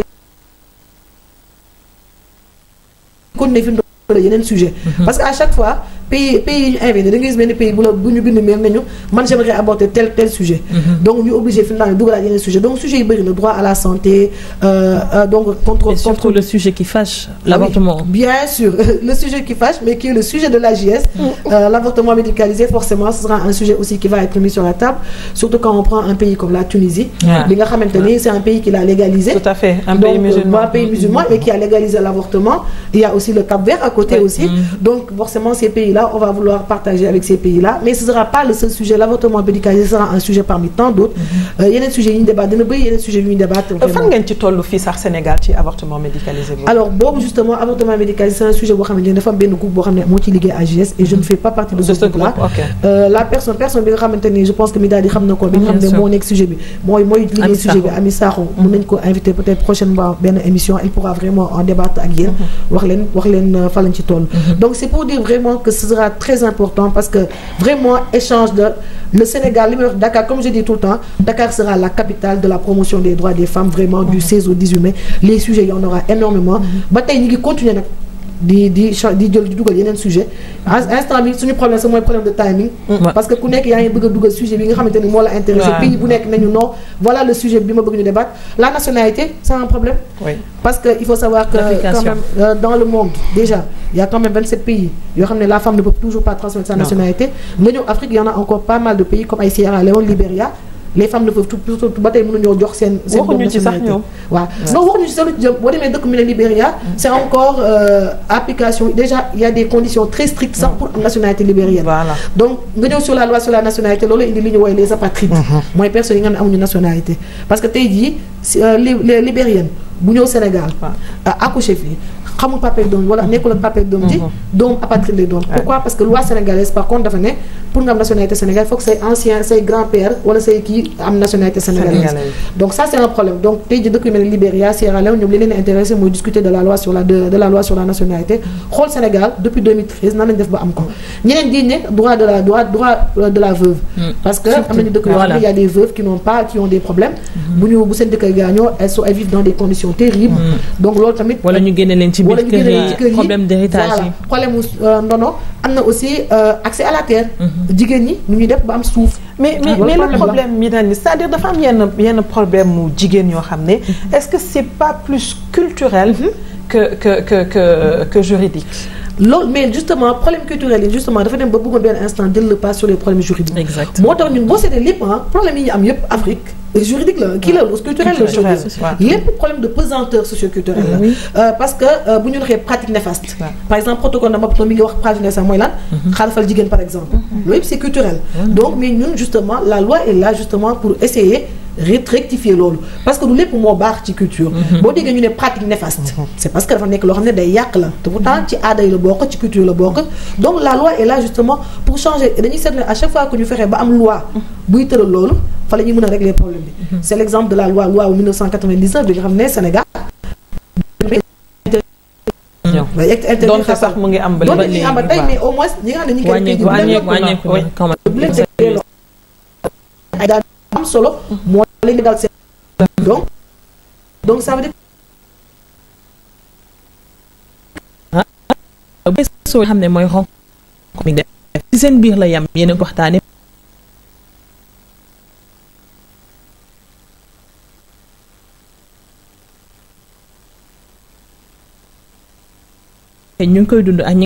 les sujets mhm. parce qu'à chaque fois pays pays invité da ngay pays bind j'aimerais aborder tel tel sujet. Mhm. donc ñu obligé finalement dugalaat yeneen sujet donc sujet yi droit à la santé euh, euh, donc. contre contre le sujet qui fâche. Ah l'avortement bien sûr le sujet qui fâche mais qui est le sujet de la gs mm. euh, l'avortement médicalisé forcément ce sera un sujet aussi qui va être mis sur la table surtout quand on prend un pays comme la Tunisie. li nga c'est un pays qui l'a légalisé. tout à fait un pays musulman un pays mm. musulman mais qui a légalisé l'avortement il y a aussi le Cap-Vert à côté aussi mm. donc forcément ces pays là on va vouloir partager avec ces pays-là. Mais ce sera pas le seul sujet. L'avortement médicalisé sera un sujet parmi tant d'autres. Il y a des sujets qui débat. il y a des sujets qui débattent. Fan ngeen ci tollu Sénégal ci avortement médicalisé alors bon justement avortement médicalisé c'est un sujet boo xam ne dafa benn groupe boo est ne à et je ne fais pas partie de ce groupe-là. Euh, la personne personne bi nga je pense que mi daal di xam na ko bi nga xam ne sujet bi moi, il liggéey sujet bi Ami mon nañ peut-être prochainement une émission elle pourra vraiment en débattre à yéen donc c'est pour dire vraiment que ce sera très important parce que vraiment, échange de le Sénégal, Dakar, comme je dis tout le temps, Dakar sera la capitale de la promotion des droits des femmes, vraiment, du 16 au 18 mai. Les sujets, il y en aura énormément. Mm-hmm. Bataille, continue di di di jël di dugal yeneen sujet instant bi suñu problème c'est mooy problème de timing mm. parce que ku nekk yaa y a un sujet bi nga xamante ni moo la intéressé pays bu nekk nañu non voilà le sujet bi ma débat la nationalité c'est un problème parce que il faut savoir que quand même euh, dans le monde déjà il y a quand même 27 pays yoo xam ne la femme ne peut toujours pas transmettre sa nationalité nga en Afrique il y en a encore pas mal de pays comme ay Sierra Leone Libéria les femmes ne peuvent. pas ba tey mënuñoo jox seen. seen Libéria. Mm. encore euh, application déjà il y a des conditions très strictes mm. pour la nationalité libérienne. donc nous sommes sur la loi sur la nationalité lolo indi li ñu woowee les apatrides. Mm-hmm. mooy personnes yi nga nationalité. parce que as dit, euh, les libériennes bu au Sénégal. Euh, accouché xamul papa ak doom wala pas ak papa ak doom ji mhm. doom apatride pourquoi parce que loi sénégalaise par contre dafa pour la nationalité sénégalaise faut que c'est ancien c'est grand-père wala qui a am nationalité sénégalaise donc ça c'est un problème donc tay ji document libéré Libéria Sierra Leone ñoom li leen intéressé discuter de la loi sur la de la loi sur la nationalité xol Sénégal depuis 2013 nan lañ def ba am ko ñeneen droit de la droit droit euh, de la veuve mm. parce que am y a des veuves qui n'ont pas qui ont des problèmes mm-hmm. bu ñu bu seen kay elles sont elles vivent dans des conditions terribles mm. donc l'autre tamit wala ñu leen wala ñu ci kër yi problème d'héritage voilà problème euh, non non am na aussi euh, accès à la terre. Mhm. jigéen ñi nu ñuy def ba am suuf. mais mais mais le problème mi ni c'est-à-dire dafa am yenn yenn problème mu jigéen yoo xam ne. Mhm. est-ce que c'est pas plus culturel. Mhm. que que que que que juridique loolu mais justement problème culturel justement dafa dem ba bëggoon ben instant jël le pas sur les problèmes juridiques. exactement moo tax ñun bo seetee lépp hein problème yi ñu am yëpp Afrique. Euh, juridique la kii la culturel la juridique lépp problème de pesanteur socioculturelle euh, parce que euh, bu ñu waxee pratique néfaste par exemple protocole na Maputo mi ngi wax pratique néfaste moy lan mm-hmm. xarafal jigen par exemple mm-hmm. loolu yëpp c'est culturel donc mais ñun justement la loi est là justement pour essayer rectifier lolo parce que nous lépp moo baax ci culture boo que ñu ne pratique néfaste c'est parce que dafa nekk loo xam ne day yàq la te pourtant ci aada yi la bokk ci culture la bokk donc la loi est là justement pour changer et dañuy seetlu à chaque fois que ñu fexee ba am loi buy tëral lolo fa la ñuy mën régler problème bi c'est l'exemple de la loi loi wu 1999 de ramener Sénégal donte sax am ba léegi mais au moins ñi ngi am solo. moo leen dal seen donc donc ça veut dire. Ah, bu soo xam ne mooy xonk mi ci seen biir la yam yéen a ko waxtaanee. ñu ngi koy dund ak ñi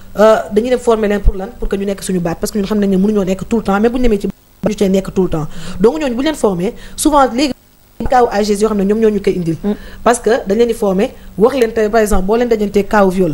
Euh, dañuy dem former leen pour lan pour que ñu nekk suñu baat parce que ñun xam nañ ne mënuñoo nekk tout le temps mais bu ñu demee ci ñu cee nekk tout le temps donc ñooñu bu ñu leen former souvent léegi kaaw AGS yoo xam ne ñoom ñoo ñu koy indil mm. parce que dañ leen di former wax leen tey par exemple boo leen dajantee kaaw viol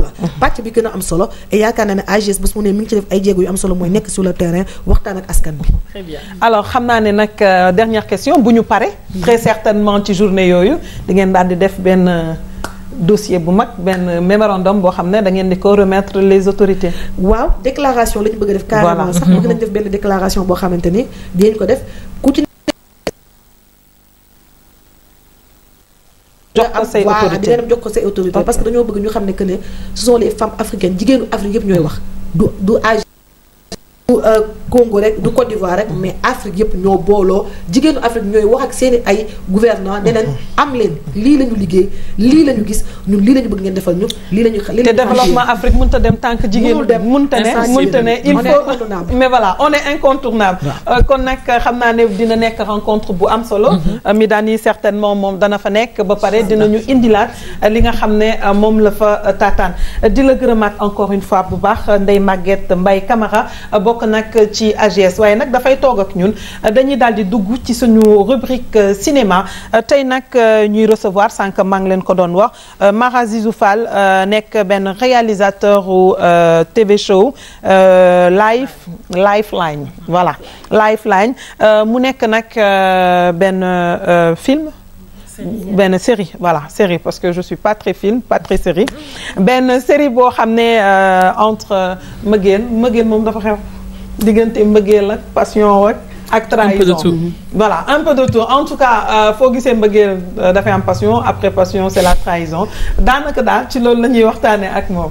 ndaw la pàcc bi gën a am solo et yaakaar naa ne AGS bés mu ne mi ngi ci def ay jéego yu am solo mooy nekk sur le terrain waxtaan ak askan bi très bien alors xam naa ne nag euh, dernière question bu ñu pare très certainement ci journée yooyu di ngeen daal di def benn euh, dossier bu mag benn euh, mémorandum boo xam ne da ngeen di ko remettre les autorités. waaw déclaration la ñu bëgg a def. carrément sax bëgg nañ def benn déclaration boo xamante ni dinañ ko def. conseil parce que nous, bëgg ñu que ce sont les femmes africaines jigéenu Afrique africaines, wax euh, Congo rek du Côte d'Ivoire rek mais Afrique yëpp ñoo booloo jigéenu Afrique ñooy wax ak seen i ay gouvernant ne leen am leen lii la ñu liggéey lii la ñu gis ñun lii la ñu bëgg ngeen defal ñu lii la ñu développement Afrique mënut a dem que jigéen mënut a ne mënut a ne il faut mais voilà on est incontournable euh, kon nag xam naa ne dina nekk rencontre bu am solo mm-hmm. euh, mi daan yi certainement moom dana fa nekk ba pare dinañu indilaat euh, li nga xam ne moom la fa taataan di la encore une fois bu baax Ndeye Maguette Mbaye Camara bokk nag AGS. AGS waaye nag dafay toog ak ñun dañuy daal di dugg ci suñu rubrique euh, cinéma euh, tey nag euh, ñuy recevoir sànq maa ngi leen ko doon wax Mara Zizou Fall nek ben réalisateur u TV show live lifeline voilà lifeline mu nekk ben benn film. une série voilà série parce que je suis pas très film pas très série Ben série pour xam euh, entre mëggeen mëggeen mon dafa xew diggante mbëggeel ak passion ak ak trahison mhm. voilà un peu de tout en tout cas euh, foo gisee mbëggeel euh, dafay am passion après passion c'est la trahison danaka daal ci lolou lañuy waxtané ak moom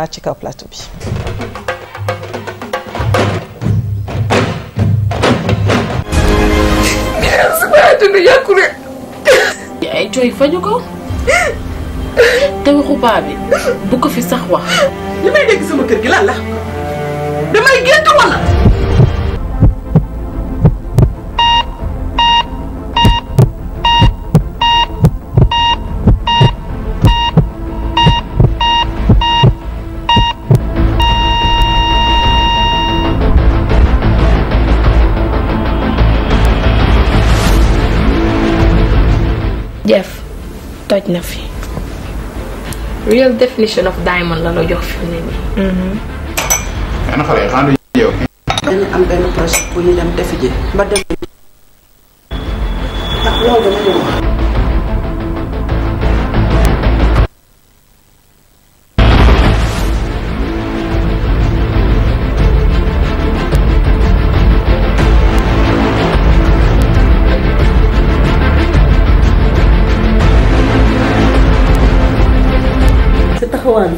ñëwaat ci kaw plateau bi. ay cooy faju ko te waxu baa bi bu ko fi sax wax. li may dégg sama kër gi lan la damay gént Jeff toj na fi. real definition of diamond la la jox fi mu nii. yenn mhm. xale yi xanaa du yow. bu ñu dem defi ji ba dem. ndax loolu dama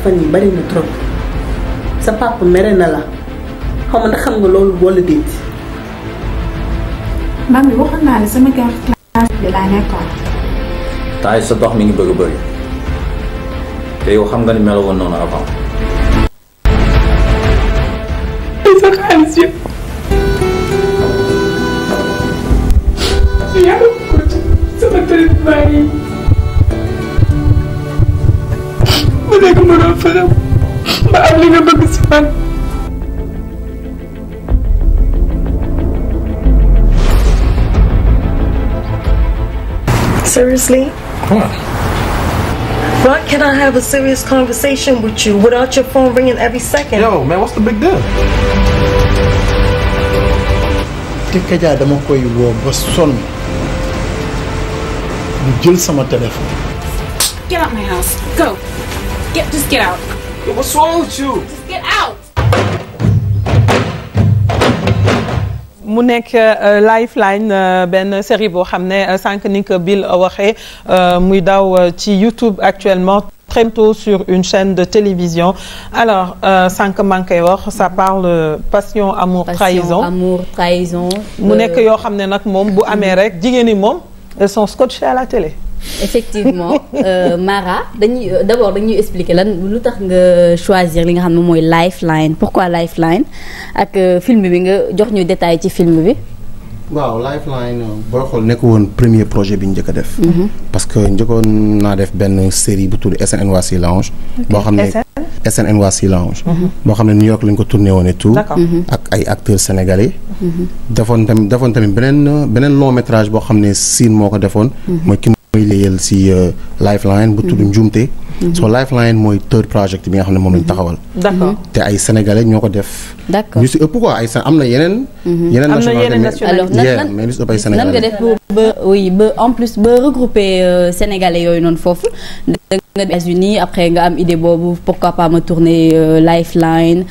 fan yi bari na trop sa papa mere na la xaw ma ndax xam nga loolu wala déet. maam bi waxoon naa la sama gàr classe bi laa nekkoon. sa dox mi ngi bëgg bëri te yow nga ni melo woon noonu avant. sa xaalis yëpp. yàlla ko ci sama traitement yi. ba za ka mara fara ba a Seriously? What? Why can't I have a serious conversation with you without your phone ringing every second? Yo, man, what's the big deal? Take care, dama koy woo ba sonn mu jël sama téléphone. Get out my house. Go. Get, just get out. Yo, what's wrong with you? Just get out. mu nekk euh, lifeline euh, benn série boo xam ne euh, sànq ni ko Bill waxee muy daw ci YouTube actuellement. très tôt sur une chaîne de télévision alors sànq maa ngi koy wax ça parle passion amour trahison Passion, amour trahison. mu nekk yoo xam ne nag moom bu amee rek jigéen ñi moom elles sont scotchées à la télé effectivement euh, Mara euh, d'abord d' expliquer lan lu tax nga choisir li nga xam moy Lifeline pourquoi Lifeline ak euh, film bi nga jox ñu détail ci film bi. waaw Lifeline euh, bo xol nekk won premier projet bi ñu jëk def. Mhm. parce que njëkkoon na def ben série bu tudd SNNYC Lounge. bo xam ne SNNYC Lounge. Mhm. boo xam ne New York lañ ko tourné woon et tout. Mhm. ak ay acteurs sénégalais. defon tamit defon tamit benen benen long métrage bo xam ne moko defon ko mooy léyal si euh, lifeline bu tudd mhm. Njumte mhm. so lifeline moy third project bi nga xamne ne lañ taxawal d'accord té ay sénégalais ñoko ko def ñu ci ëpp quoi ay amna yenen mhm. yenen national alors mais ñu si nan nga def ba oui ba en plus ba regrouper euh, sénégalais yoy non fofu da nga États-Unis après nga am idée bobu pourquoi pas me tourner euh, lifeline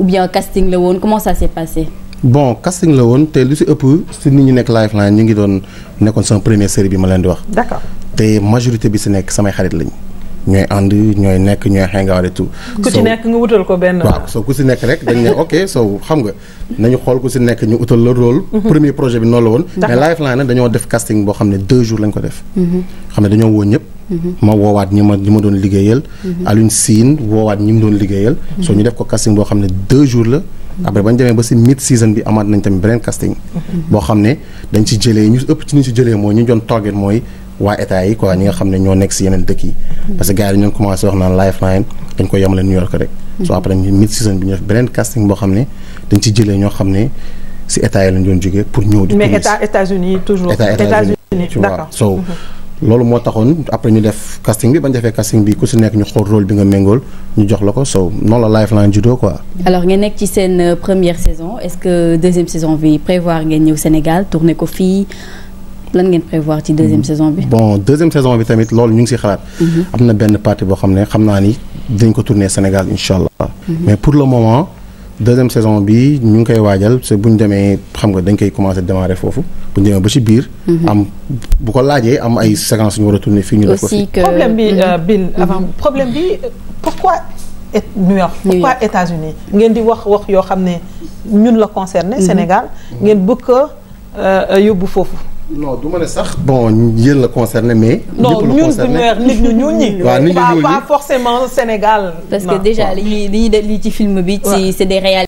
ou bien casting le won comment ça s'est passé bon casting la woon te lu si ëpp si nit ñi nekk Lifeline ñu ngi doon nekkoon sama première série bi ma leen di wax. d'accord te majorité bi si nekk samay xarit lañ ñooy ànd ñooy nekk ñooy xengaar et tout. ku ci nekk nga wutal ko benn. waaw soo ku si nekk rek dañ ne ok soo xam nga nañu xool ku si mhm. def xam ne deux jours lañ ko def. Mhm. xam ne dañoo woo ñëpp. Mhm. ma woowaat ñi ma doon liggéeyal. Alioune Sine woowaat ñi mu doon liggéeyal. soo ñu def ko casting boo xam ne deux après bañ demee ba si mid season bi amaat nañ tamit beneen casting. boo xam ne dañ ci jëlee si jëlee mooy ñu doon toggeel mooy waa état yi quoi ne ñoo nekk si yeneen dëkk yi. parce que gars yi xam ne ci jëlee ñoo xam ne si état yi lañ doon jógee pour ñëw. di mais état États-Unis toujours. état loolu mo taxone après ñu def casting bi bañ defee casting bi ku ci nek ñu xool rôle bi nga mengol ñu jox lako ko so noonu la Lifeline judo quoi. alors ngeen nek ci seen euh, première saison est-ce que deuxième saison bi prévoir ngeen ñëw Sénégal tourner ko fi lan ngeen prévoir ci deuxième mm. saison bi. bon deuxième saison bi tamit loolu ñu ngi ci xalat mm-hmm. amna benn partie bo xamné xamna ni dañ ko tourner Sénégal incha mm-hmm. mais pour le moment deuxième saison bi ñu ngi koy waajal parce que bu ñu demee xam nga dañ koy commencé démarrer foofu bu ñu demee ba ci biir. Mhm. am bu ko laajee am ay séquences ñu war a tourner fii ñu def ko fi. problème bi euh, mhm. Bill mhm. avant problème bi pourquoi et New York pourquoi États-Unis ngeen di wax wax yoo xam ne ñun la concerné Sénégal ngeen bëgg a euh, yóbbu foofu non du ne sais bon il le concerné mais. non nous, sommes pas forcément Sénégal. parce que déjà les c'est des réalités.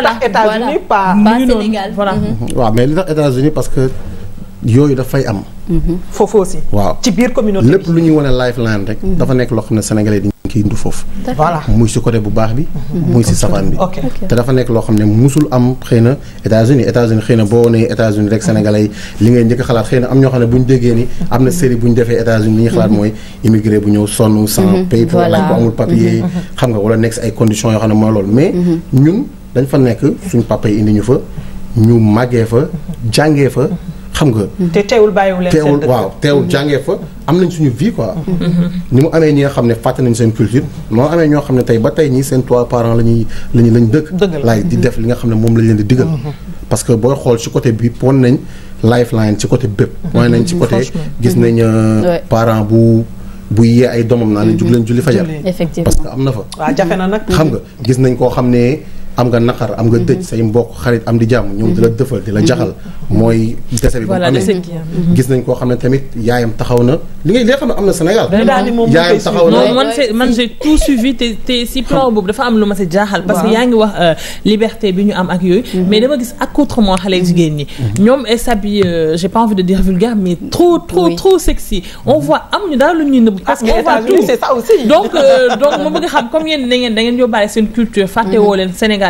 voilà États-Unis pas. Sénégal voilà. waaw mhm. mhm. mais li États-Unis parce que da fay am. Mhm. foofu aussi. waaw ci biir communauté lepp lu ñuy wane lifeline rek. dafa nek lo xam ne sénégalais dañu ciy ndu foofu. voilà muy si côté bu baax bi. muy ci safaan bi. ok te dafa nekk loo xam ne musul am xeyna États-Unis États-Unis xeyna na boo États-Unis rek sénégalais yi li ngay ñëk xalaat xeyna am ño xam ne déggé ni amna série bu défé États-Unis ni xalaat moy immigré bu ñëw sonu sans paper wala lañ amul papier. xam nga wala nek ay conditions yo xam ne mooy mais ñun. dañ fa nekk suñ papa yi indi ñu fa ñu màggee fa jàngee fa xam nga. te teewul bàyyiwul leen teewul waaw teewul mhm. jàngee fa am nañ suñu vie quoi. Mhm. Mhm. ni mu amee ñi nga xam ne fàtte nañ seen culture. moo amee ñoo xam ne tey ba tey ñii seen trois parents la ñuy la ñuy dëkk. laay di def li nga xam ne moom lañ leen di digal. parce que booy xool ci côté bi pon nañ lifeline ci côté bépp. mooy nañ ci côté gis nañ euh, parent bu. bu yee ay doomam naa leen jug leen julli fajar parce que am na fa waaw na nag xam nga gis nañ koo xam ne am nga naqar am nga mhm. dëj say mbokk xarit am di jàmm ñoom di la mhm. dëfal di la jaxal mhm. mooy dese bi bu amee gis nañ koo xam ne tamit yaayam taxaw na li ngay li nga xam ne am na Sénégal ben yaayam taxaw na man man j'ai tout suivi te te si plan boobu dafa am lu ma si jaaxal parce que yaa ngi wax euh, liberté bi ñu am ak yooyu mais dama gis accoutrement xale jigéen ñi ñoom s'habille euh, j'ai pas envie de dire vulgaire mais trop trop trop sexy on voit am ñu daal lu ñu nëbb ah, parce que on voit tout donc euh, donc ma bëgg xam comme yéen da ngeen da ngeen yóbbaale seen culture fàtte woo leen Sénégal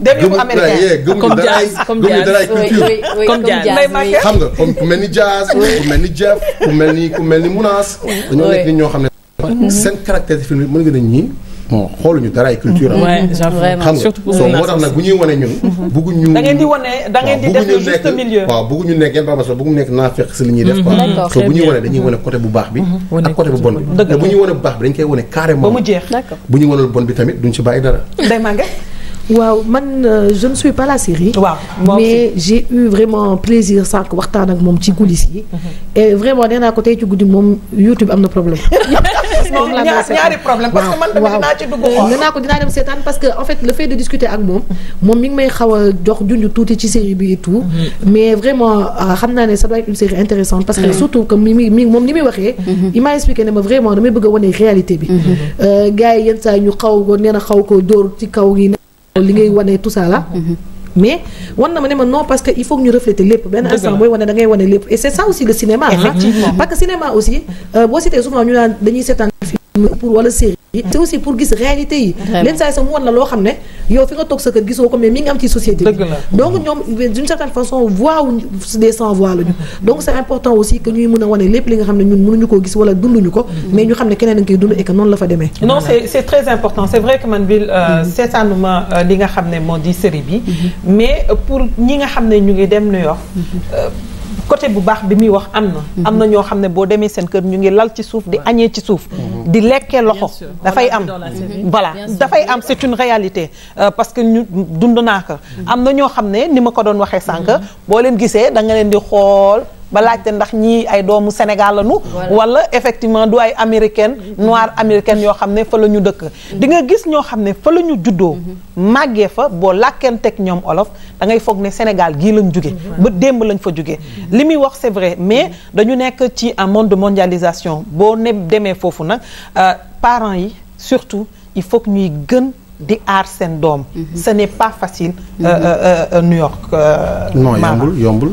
dem yóbbu américain eh, comme jazz comme jazz comme jazz xam nga comme ku mel ni jazz ku ni Jeff ku mel ni ku mel ni Mounas dañoo nekk ni ñoo xam ne mhm. seen caractère film bi mën nga nañ ñii bon xooluñu dara ay culture am. Mhm. xam nga soo moo tax nag bu ñuy wane ñun. Mhm. bëgguñu da ngeen di da ngeen di def le juste milieu. waaw bëgguñu nekk naa fekk si li ñuy def. d'accord bu ñuy wane dañuy wane côté bu baax bi. ak côté bu bon bi. dëgg bu ñuy wane bu baax bi dañ koy wane carrément. ba mu jeex bu ñu waneel bon bi tamit duñ ci bàyyi dara. day màgge. waaw man euh, je ne suis pas la série. mais j'ai eu vraiment plaisir sànq waxtaan ak moom ci coulisses yi. Mhm. et vraiment nee à côté tey ci guddi moom YouTube am problème. moom ñaari problème parce que man tamit ci dugg xool. dinaa ko dem seetaan parce que en fait le fait de discuter ak moi mhm. mon ming ngi may xaw a jox junj tuuti ci série bi et tout. Mhm. mais vraiment euh, xamna ne ça doit être une série intéressante parce que surtout que mi mi mi moom ni il m'a expliqué ne vraiment damay bëgg woné réalité bi. Euh, gars yi yenn saa ñu xaw ko néna xaw ko door ci kaw gi. li ngay wane tout ça mm-hmm. mais wan na ma ne ma non parce il faut ñu refléter lépp benn instant booy wane da wane lépp et c'est ça aussi le cinéma. effectivement parce que aussi euh, boo seetee ñu naan dañuy seetaan. pour wala série c'est mm. aussi pour gis réalité yi leen saay sa mu wan la loo xam yow fi nga tok sa kër gisoo mais mi ngi am ci société bi donc ñoom d'une certaine façon voix ou des sans voix lañu mm-hmm. donc c'est important aussi que ñuy mëna wone wane lépp li nga xam ñun mënuñu ko gis wala dunduñu ko mm-hmm. mais ñu xam keneen a ngi koy dund et que non la fa démé non c'est c'est très important c'est vrai que man bi euh, mm-hmm. seetaanuma euh, li nga xam ne di série bi mais pour ñi nga xam ñu ngi dem New York euh, côté bu baax bi muy wax am na. Mhm. am na ñoo xam ne boo demee seen kër ñu ngi lal ci suuf di añee ci suuf. Mhm. di lekkee loxo. dafay am balaa mhm. dafay am c'est une réalité. Euh, parce que ñu dund naa ko. am na ñoo xam ne ni ma ko doon waxee sànq. boo leen gisee da nga leen di xool. ba laajte ndax ñi ay doomu Sénégal lañu wala effectivement du ay américaine noire américaine mm-hmm. yo xamné fa lañu dëkk mm-hmm. di nga gis ño xamné fa lañu ñu juddoo mm-hmm. màggee fa boo làkkenteeg ñom olof da ngay foog ne Sénégal gi lañu juggé ba demb lañ fa juggé limi wax c'est vrai mais dañu nekk ci un monde de mondialisation boo ne demee foofu nag euh, parents yi surtout il faut que ñuy gën di aar seen doom ce n'est pas facile euh, euh, euh, euh, New York euh, non yombul yombul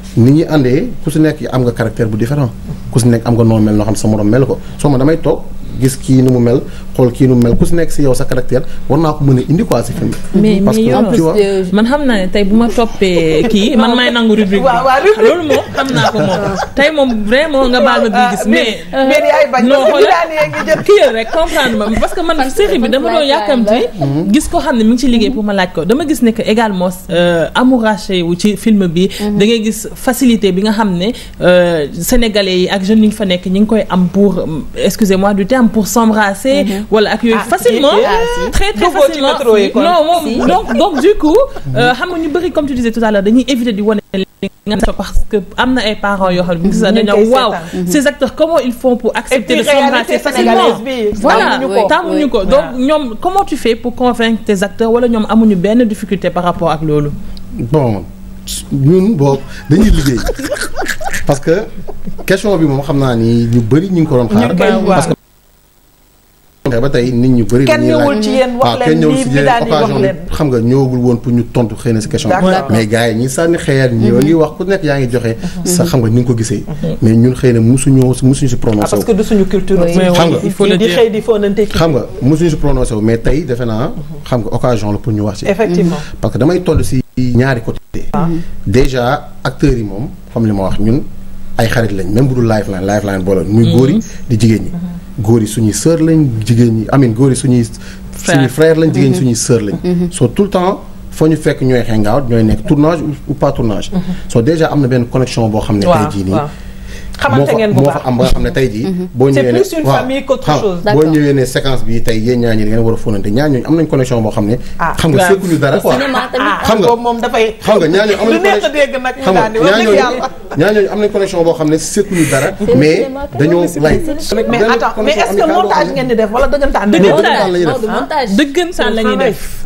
nit ñi àndee ku si nekk am nga caractère bu différent ku si nekk am nga noo mel noo xam sa morom mel ko soo ma damay toog gis ki nu mu mel xool ki nu mel ku si nekk si yow sa caractère war naa ko mën a indi quoi si film mais mais que en plus man xam naa ne tey bu ma toppee kii man may nangu rubrique bi loolu moom xam naa ko moom tey moom vraiment nga baal ma di gis ah, mais. mais yaay bañ non xoolal kii rek comprendre ma parce que man série bi dama doon yàkkamti mhm. gis ko xam ne mi ngi ci liggéey pour ma laaj ko dama gis ne que également euh, amouraché wu ci film bi. Mhm. da ngay gis facilité bi nga xam ne euh, sénégalais yi ak jeunes yi fa nekk ñi ngi koy am pour euh, excusez-moi du terme pour s'embrasser wala mm-hmm. ak yooyu ah, facilement ah, très très facilement non donc donc du coup mm-hmm. euh, xam nga comme tu disais tout à l'heure dañuy éviter di wane parce que amna na ay parents yo xam mm-hmm. ces acteurs comment ils font pour accepter de s'embrasser facilement voilà tàmmuñu ko donc ñom comment tu fais pour convaincre tes acteurs wala ñom amuñu une difficulté par rapport à lolu bon ñun bon, dañuy liggéey parce que question bi mom xamna ni ñu bëri ñu ko don xaar parce que nga ba tey nit ñu bëri kenn ñëwul ci yéen wax ah, leen lii bi daal di wax leen xam nga ñëwagul woon pour ñu tontu xëy na si question mais gars yi ñi sànni xeer ñoo ngi wax ku nekk yaa ngi joxe mhm. sa xam nga ni nga ko gisee mais ñun xëy na musuñoo musuñu si prononcé ah, parce que du suñu culture xam nga di xëy di fonante xam nga musuñu si mais tey defe naa xam nga occasion la pour ñu wax ci effectivement mhm. parce que damay toll si ñaari ko côté ah. déjà acteurs yi moom comme li ma wax ñun ay xarit lañ même bu dul lifeline lifeline booloon muy góor yi mhm. di jigéen ñi góor yi suñuy sœur lañ jigéen ñi amin góor yi suñuy suñuy frère lañ jigéen ñi mm-hmm. suñuy sœur lañ mm-hmm. so tout le temps foo ñu fekk ñooy hangout ñooy nekk tournage ou pas tournage mm-hmm. so déjà am na benn connexion boo xam ne tey jii nii xamante ngeen bu xam ne tey jii mhm. boo ñëwee c'est plus une famille qu'autre chose ne séquence bi tey yéen ñaañi ngeen war a fóonante ñaañ ñooñu am nañ connexion boo xam ne ah, xam nga sékkuñu dara quoi ah, xam nga moom dafay xam nga ñaañu am nañ ñaañooñu am boo xam ne sékkuñu dara mais dañoo lay mais attends mais est-ce que montage ngeen di def wala dëggantaan lañuy def ah, dëggantaan lañuy def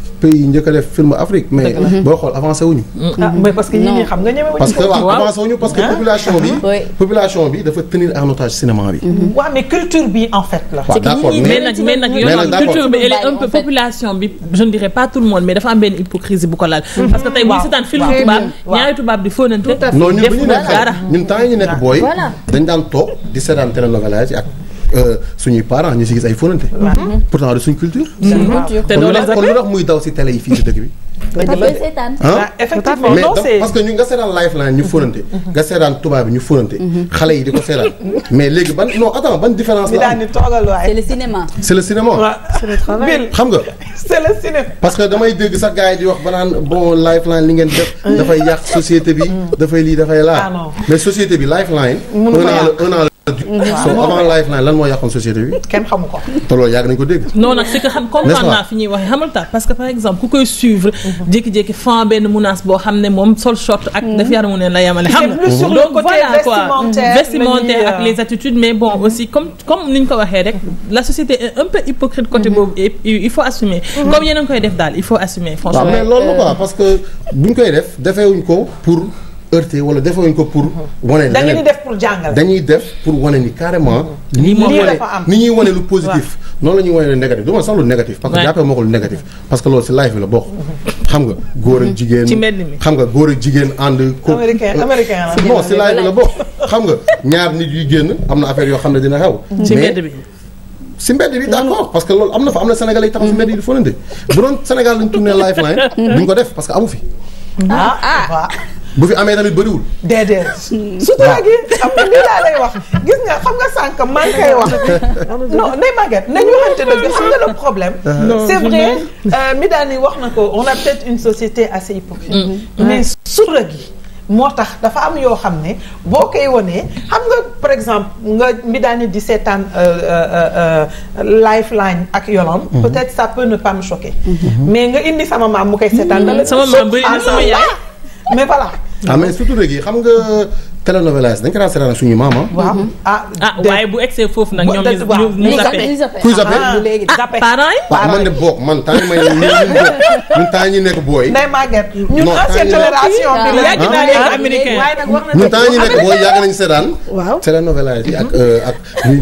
pays ñëk def film Afrique. mais bo xol avancé wuñu. Ah, mais parce que ñi ñi xam nga ñeme parce que avancé wuñu parce que ah. population bi. population bi dafa tenir en otage cinéma bi. Mhm. wa mais culture bi en fait la. waaw d'accord mais nak mais nag yow culture bi elle est un peu population bi je ne dirais pas tout le monde mais dafa am ben hypocrisie bu ko laal. Mhm. parce que tay bu ñu seetaan film tubaab ñaari tubaab di fóonante. non ñun ñu nekk ñun temps ñu nekk boy dañ dan toog di seetaan télénovela yi ak. Euh, suñuy parents ñu si gis ay fóonante. Mhm. pourtant de suñu culture. Mhm. té do mhm. te loolu kon lu tax muy daw ci télé yi fii si dëkk bi. Ah? Ah, effectivement mais parce que ñu nga seetaan lifeline ñu fóonante. nga seetaan tubaab bi ñu fóonante. xalé yi diko ko mais légui ban non attends ban différence là c'est le cinéma c'est le cinéma. c'est le travail xam nga. c'est le cinéma. parce que damay dégg sax gaay yi di wax banan naan bon lifeline li ngeen def. Mm. da fay yak société bi. Mm. da fay li da fay laa. Ah, mais société bi lifeline. mënu un an waaw avant là, lan moo yàqoon société bi. kenn xamu ko. te loolu yàgg nañu ko dégg. non nag c'est que xam comprendre naa fi ñuy waxee xamal parce que par exemple ku koy suivre. Mhm. jékki-jékki fan benn menace boo xam ne moom sol short ak mhm. daf yaramu neen la yamale. xam nga donc voilà quoi vestimentaire ak les attitudes mais bon mhm. aussi comme comme ni ñu ko waxee rek la société est un peu hypocrite côté boobu il faut assumer. comme yéen a ngi koy def daal il faut assumer. franchement mais loolu quoi parce que buñ koy def defeewuñ ko pour. heurté wala defuñ ko pour. wane leneen dañuy def pour jàngal. dañuy def pour wane ni carrément. ni ñuy wane lu positif. noonu la ñuy wane lu négatif du ma sax parce que jàppee moo ko lu négatif. parce que loolu xam nga góor ak jigéen. ci mbedd mi xam nga góor ak génn am na affaire yoo xam ne dina xew. ci mbedd bi parce que loolu am na fa am na Sénégalais yi taxaw si mbedd yi di bu doon Sénégal lañ tourné lifeline duñ ko def parce que amu fi. Ah, ah. Ah. bu fi tamit hmm. gi lay wax gis nga xam nga wax non waxante le problème. c'est vrai euh, mi wax on a peut-être une société assez hypocrite. Mm-hmm. mais sur gi. motax dafa am xam nga par exemple nga mi euh, euh, euh lifeline ak mm-hmm. peut-être ça peut ne pas me choquer mm-hmm. mais nga mais voilà. ah mais surtout léegi xam nga. telenovelas dañ ko daan seetaan suñu maam mhm. ah. ah waaye bu egsee foofu nag. ñoom ñu ñu zappe kuy zappe ah, ah, waaw man de bokk man temps may ñun temps ñi nekk booy. nday màgget ñun ancienne génération bi la. yàgg naa leen américain waaye nag war na ñun temps ñi nekk booy yàgg nañu seetaan. waaw telenovelas yi ak euh, ak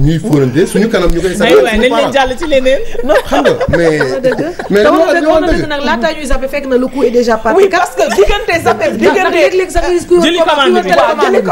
ñuy fóorante suñu kanam ñu koy. seetaan nañ leen jàll ci leneen. xam nga mais. mais loolu la loolu la dëgg nag laataa ñuy zappe fekk na le coup est déjà parti. parce que diggante zappe.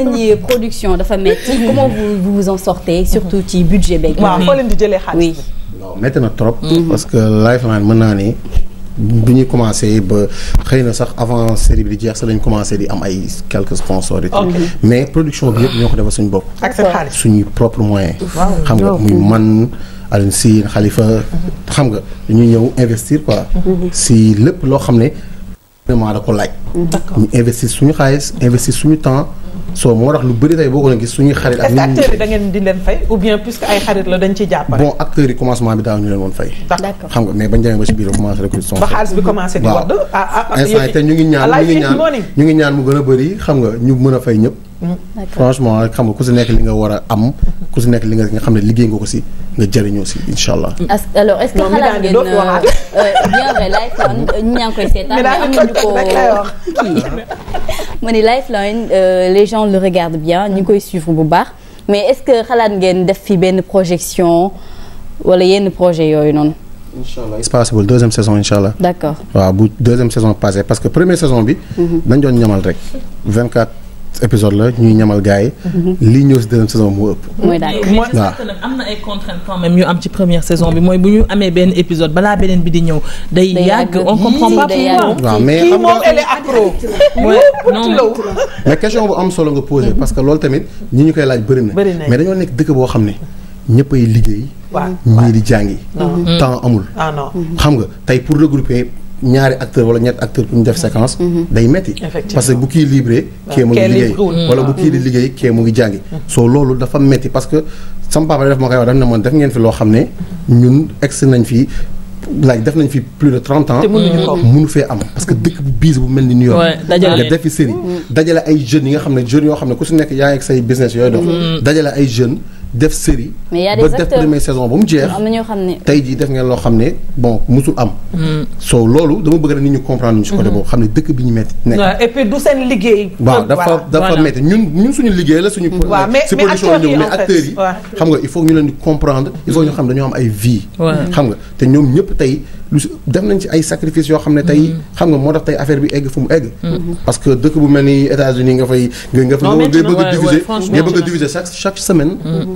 ni production dafa metti comment vous vous, en sortez surtout ci budget beeg. waaw foo leen di jëlee Oui. non na trop. Mhm. parce que Lifeline mën naa ni bi commencé ba xeyna sax avant série bi di jeex sax lañ commencé di am ay quelques sponsors et tout mais production bi yëpp ñoo ko defal suñu bopp. ak sa xaalis suñuy propre moyen xam nga muy man Alioune si Khalifa. xam nga dañuy ñëw investir quoi. Mhm. si lepp lo xamné vraiment da ko laaj. ñu investir suñu xaalis investir suñu temps. soo moo tax lu bëri tey boo ko gis suñuy xarit ak. acteurs yi da ngeen di leen fay ou bien puisque ay xarit la dañ ci jàppale. bon acteurs yi commencement bi daaw ah, ah, ah, ñu ngi ñaan ñu ngi ñaan ñu ngi ñaan mu gën a bëri xam nga ñu mën a fay ñëpp Mm-hmm. franchement xam nga ku si nekk li nga war a am ku si nekk li nga xam ne liggéey nga ko si nga jëriñoo si incha allah. Mm-hmm. alors est ce que xalaat ngeen euh, euh, bien vrai lifeline ñu mm-hmm. euh, ñaa ngi koy seetaan amuñu ko kii ma lifeline les gens le regardent bien ñu koy suivre bu baax mais est ce que xalaat ngeen def fi benn projection wala yenn projet yooyu noonu. inshallah allah espace deuxième saison inshallah d'accord d' accord waaw bu deuxième saison passé parce que première saison bi. dañ doon ñamal rek 24 épisode la ñuy ñamal gars mhm. li ñëw si saison mo ëpp. moy mais ay contraintes quand même ñu am ci première saison bi moy bu ñu épisode bala benen bi di ñëw. on comprend pas mais xam elle est mais question bu am solo nga mhm. parce que lool tamit ñi ñukay laaj mais les nekk dëkk bo xamné liggéey. ñi di mhm. temps amul. ah non xam nga pour regrouper. ñaari acteur wala ñett acteur pour ñu def séquence mhm. day metti parce que bu kii libre kee mu ngi liggéey mm. wala bu kii di mm-hmm. liggéey kee ngi jàngi mm-hmm. soo loolu dafa metti parce que sama papa def ma koy wax daf ne moon def ngeen fi loo xam ne ñun ex nañ fi laaj def nañ fi plus de trente ans mënu mm-hmm. fee am parce que dëkk bu biis bu mel ni New York nga def fi série dajale ay jeunes yi nga xam ne jeunes yoo xam ne ku si nekk yaa ngi ak say business yooyu dox dajale def série. mais ba première saison ba mu jeex. bon am. Hmm. dama bëgg comprendre ñu côté hmm. dëkk bi ñu et puis waaw dafa dafa metti ñun ñun suñu la suñu. waaw hmm. il faut ñu leen di comprendre il faut ñu xam am ay vie. xam nga ñëpp lu si def nañ ci ay sacrifice yoo xam ne tey mm-hmm. xam nga moo tax tey affaire bi egg fu mu egg mm-hmm. parce que dëkk bu mel ni États-Unis nga fay nga nga fa nga bëgg a diviser nga bëgg a diviser chaque chaque semaine mm-hmm.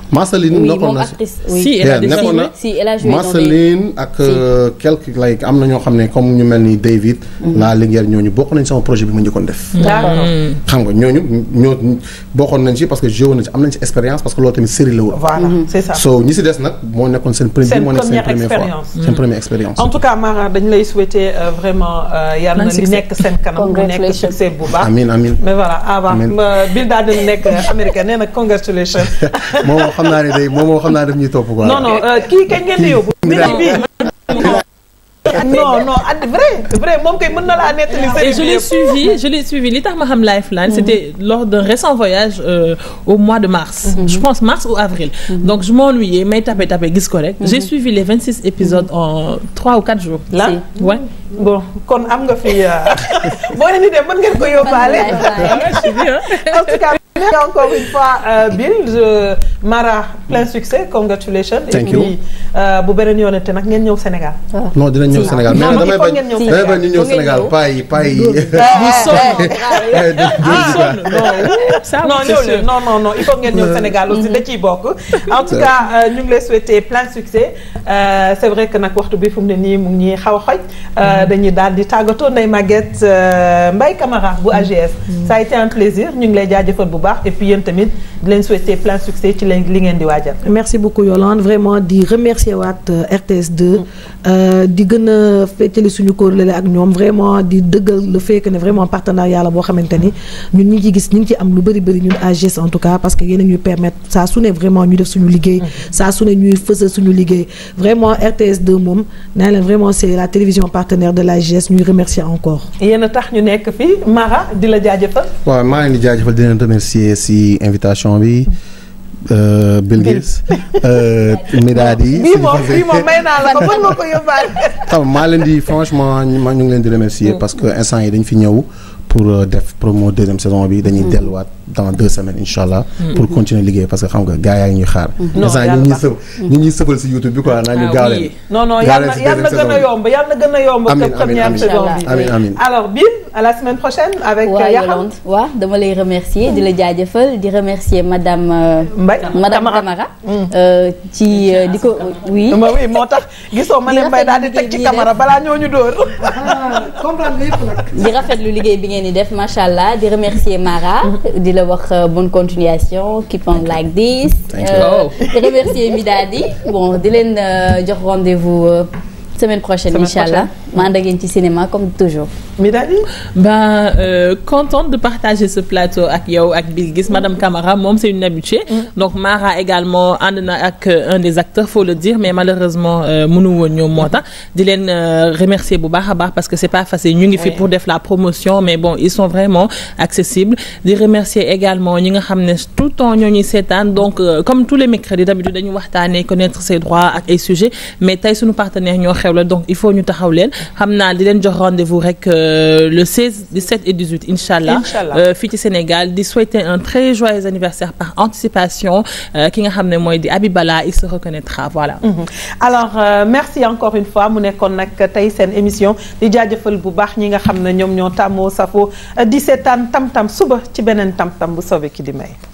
Marceline nekkoon na si elle a nekkoon na Marceline ak euh, quelques like am na ñoo xam ne comme ñu mel ni David mhm. la Linguère ñooñu bokk nañ sama projet bi ma njëkkoon def mhm. xam nga ñooñu ñoo bokkoon nañ ci parce que joué nañ si am nañ si expérience parce que loolu tamit série la woon voilà mhm. c'est ça so ñi si des nag moo nekkoon seen premier moo nekk seen première fois seen première expérience en tout cas Mara dañ lay souhaiter euh, vraiment euh, yàlla na li nekk seen kanam mu nekk succès bu baax amiin amiin mais voilà avant Bill daal dina nekk américain nee na congratulations xam naa ne day moom moo xam naa daf ñuy topp quoi. non non euh, kii kañ ngeen di yóbbu. non non ad ah, vrai vrai moom kay mën na laa nettali. et je l'ai suivi je l'ai suivi li tax ma xam Lifeline. c'était mhm. lors d'un récent voyage euh, au mois de mars. Mhm. je pense mars ou avril. Mhm. donc je m'ennuyais may tapé tapé gis ko rek. j'ai suivi les 26 épisodes en 3 ou 4 jours. là ouais. bon kon am nga fi euh, boo leen di dem mën ngeen ko yóbbaale. Hein. en tout cas encore une fois, euh, Bill, euh, Mara, plein succès, congratulations. et puis, euh, bu Sénégal. Ah. non Sénégal Sénégal non non Sénégal mm-hmm. en tout cas nous vous plein succès c'est vrai que AGS. Mm-hmm. Mm-hmm. ça a été un plaisir nous et puis yéen tamit di leen souhaiter plein succès ci li ngeen di waajal. merci beaucoup Yolande vraiment di remercier waat euh, RTS2 mm. euh, di gën a féetali suñu kóolale ak ñoom vraiment di dëggal le fait que ne vraiment partenariat la boo xamante ni ñun ñi ci gis ñi ci am lu bëri bëri ñun AGS en tout cas parce que yéen ñuy permettre saa su ne vraiment ñu def suñu liggéey. Mm. saa su ne ñuy fësal suñu liggéey vraiment RTS2 moom naa leen vraiment c'est la télévision partenaire de l'AGS ñuy remercier encore. yéen a tax ñu nekk fii Mara di la jaajëfal. waaw maa ngi di jaajëfal di leen remercier. si invitation eh, bi. Bill Gates midaad yi. bii moom bii moom may naa la ko mën nga ko yóbbaale. xam maa leen di franchement ñu ngi leen di remercier parce que instant yi dañ fi ñëw pour euh, def promo deuxième saison bi dañuy delluwaat. dans deux semaines incha mm-hmm. pour continuer liggéey parce que xam nga gars yaa ñuy xaar. Mm-hmm. non yàlla ñu ñi seuf ñi ñi seufal ci YouTube bi quoi ah naa ñu gaaw leen. non non yàlla na gën a yomb yàlla na gën a yomb. amiin amin amin amiin alors Bim à la semaine prochaine. avec euh, Yakham waaw dama lay remercier di la jaajëfal di remercier madame. Euh, Mbaye madame Camara mm. euh, ci diko oui oui. oui motax tax gisoo ma ne Mbaye daal di tek ci Camara bala ñoo ñu dóor. Ah, comprendre lépp nak di lu liggéey bi ngeen di def machallah di remercier Mara di la euh, bonne continuation keep on like this. Merci euh, oh. remercier Midadi bon Dylan, euh, je vous rendez-vous semaine prochaine. Inch'Allah ma cinéma comme toujours. Médali ben euh, contente de partager ce plateau avec yow ak madame Camara moom c'est une habituée. Mm. donc Mara également euh, un des acteurs faut le dire mais malheureusement nous ne sommes pas là. di leen euh, remercier bu Habar parce que c'est pas facile nous, fi pour la promotion mais bon ils sont vraiment accessibles De remercier également ñi nga tout le temps ñoo nous donc euh, comme tous les mercredis d'habitude dañu waxtaanee connaître ses droits ak ay sujets mais tey suñu partenaires donc il faut ñu taxaw Hamna, di len jox rendez-vous rek euh, le 16 17 et 18 incha allah fii ci Sénégal di souhaiter un très joyeux anniversaire par anticipation euh, ki nga xamné moy di Abibala il se reconnaîtra voilà. Mhm. alors euh, merci encore une fois mu nekkoon nak tay sen émission di jaajëfal bu baax ñi nga xamné ñom ñoo tamo safo 17 ans. tam tam suba ci benen tam tam bu soobee ki di may.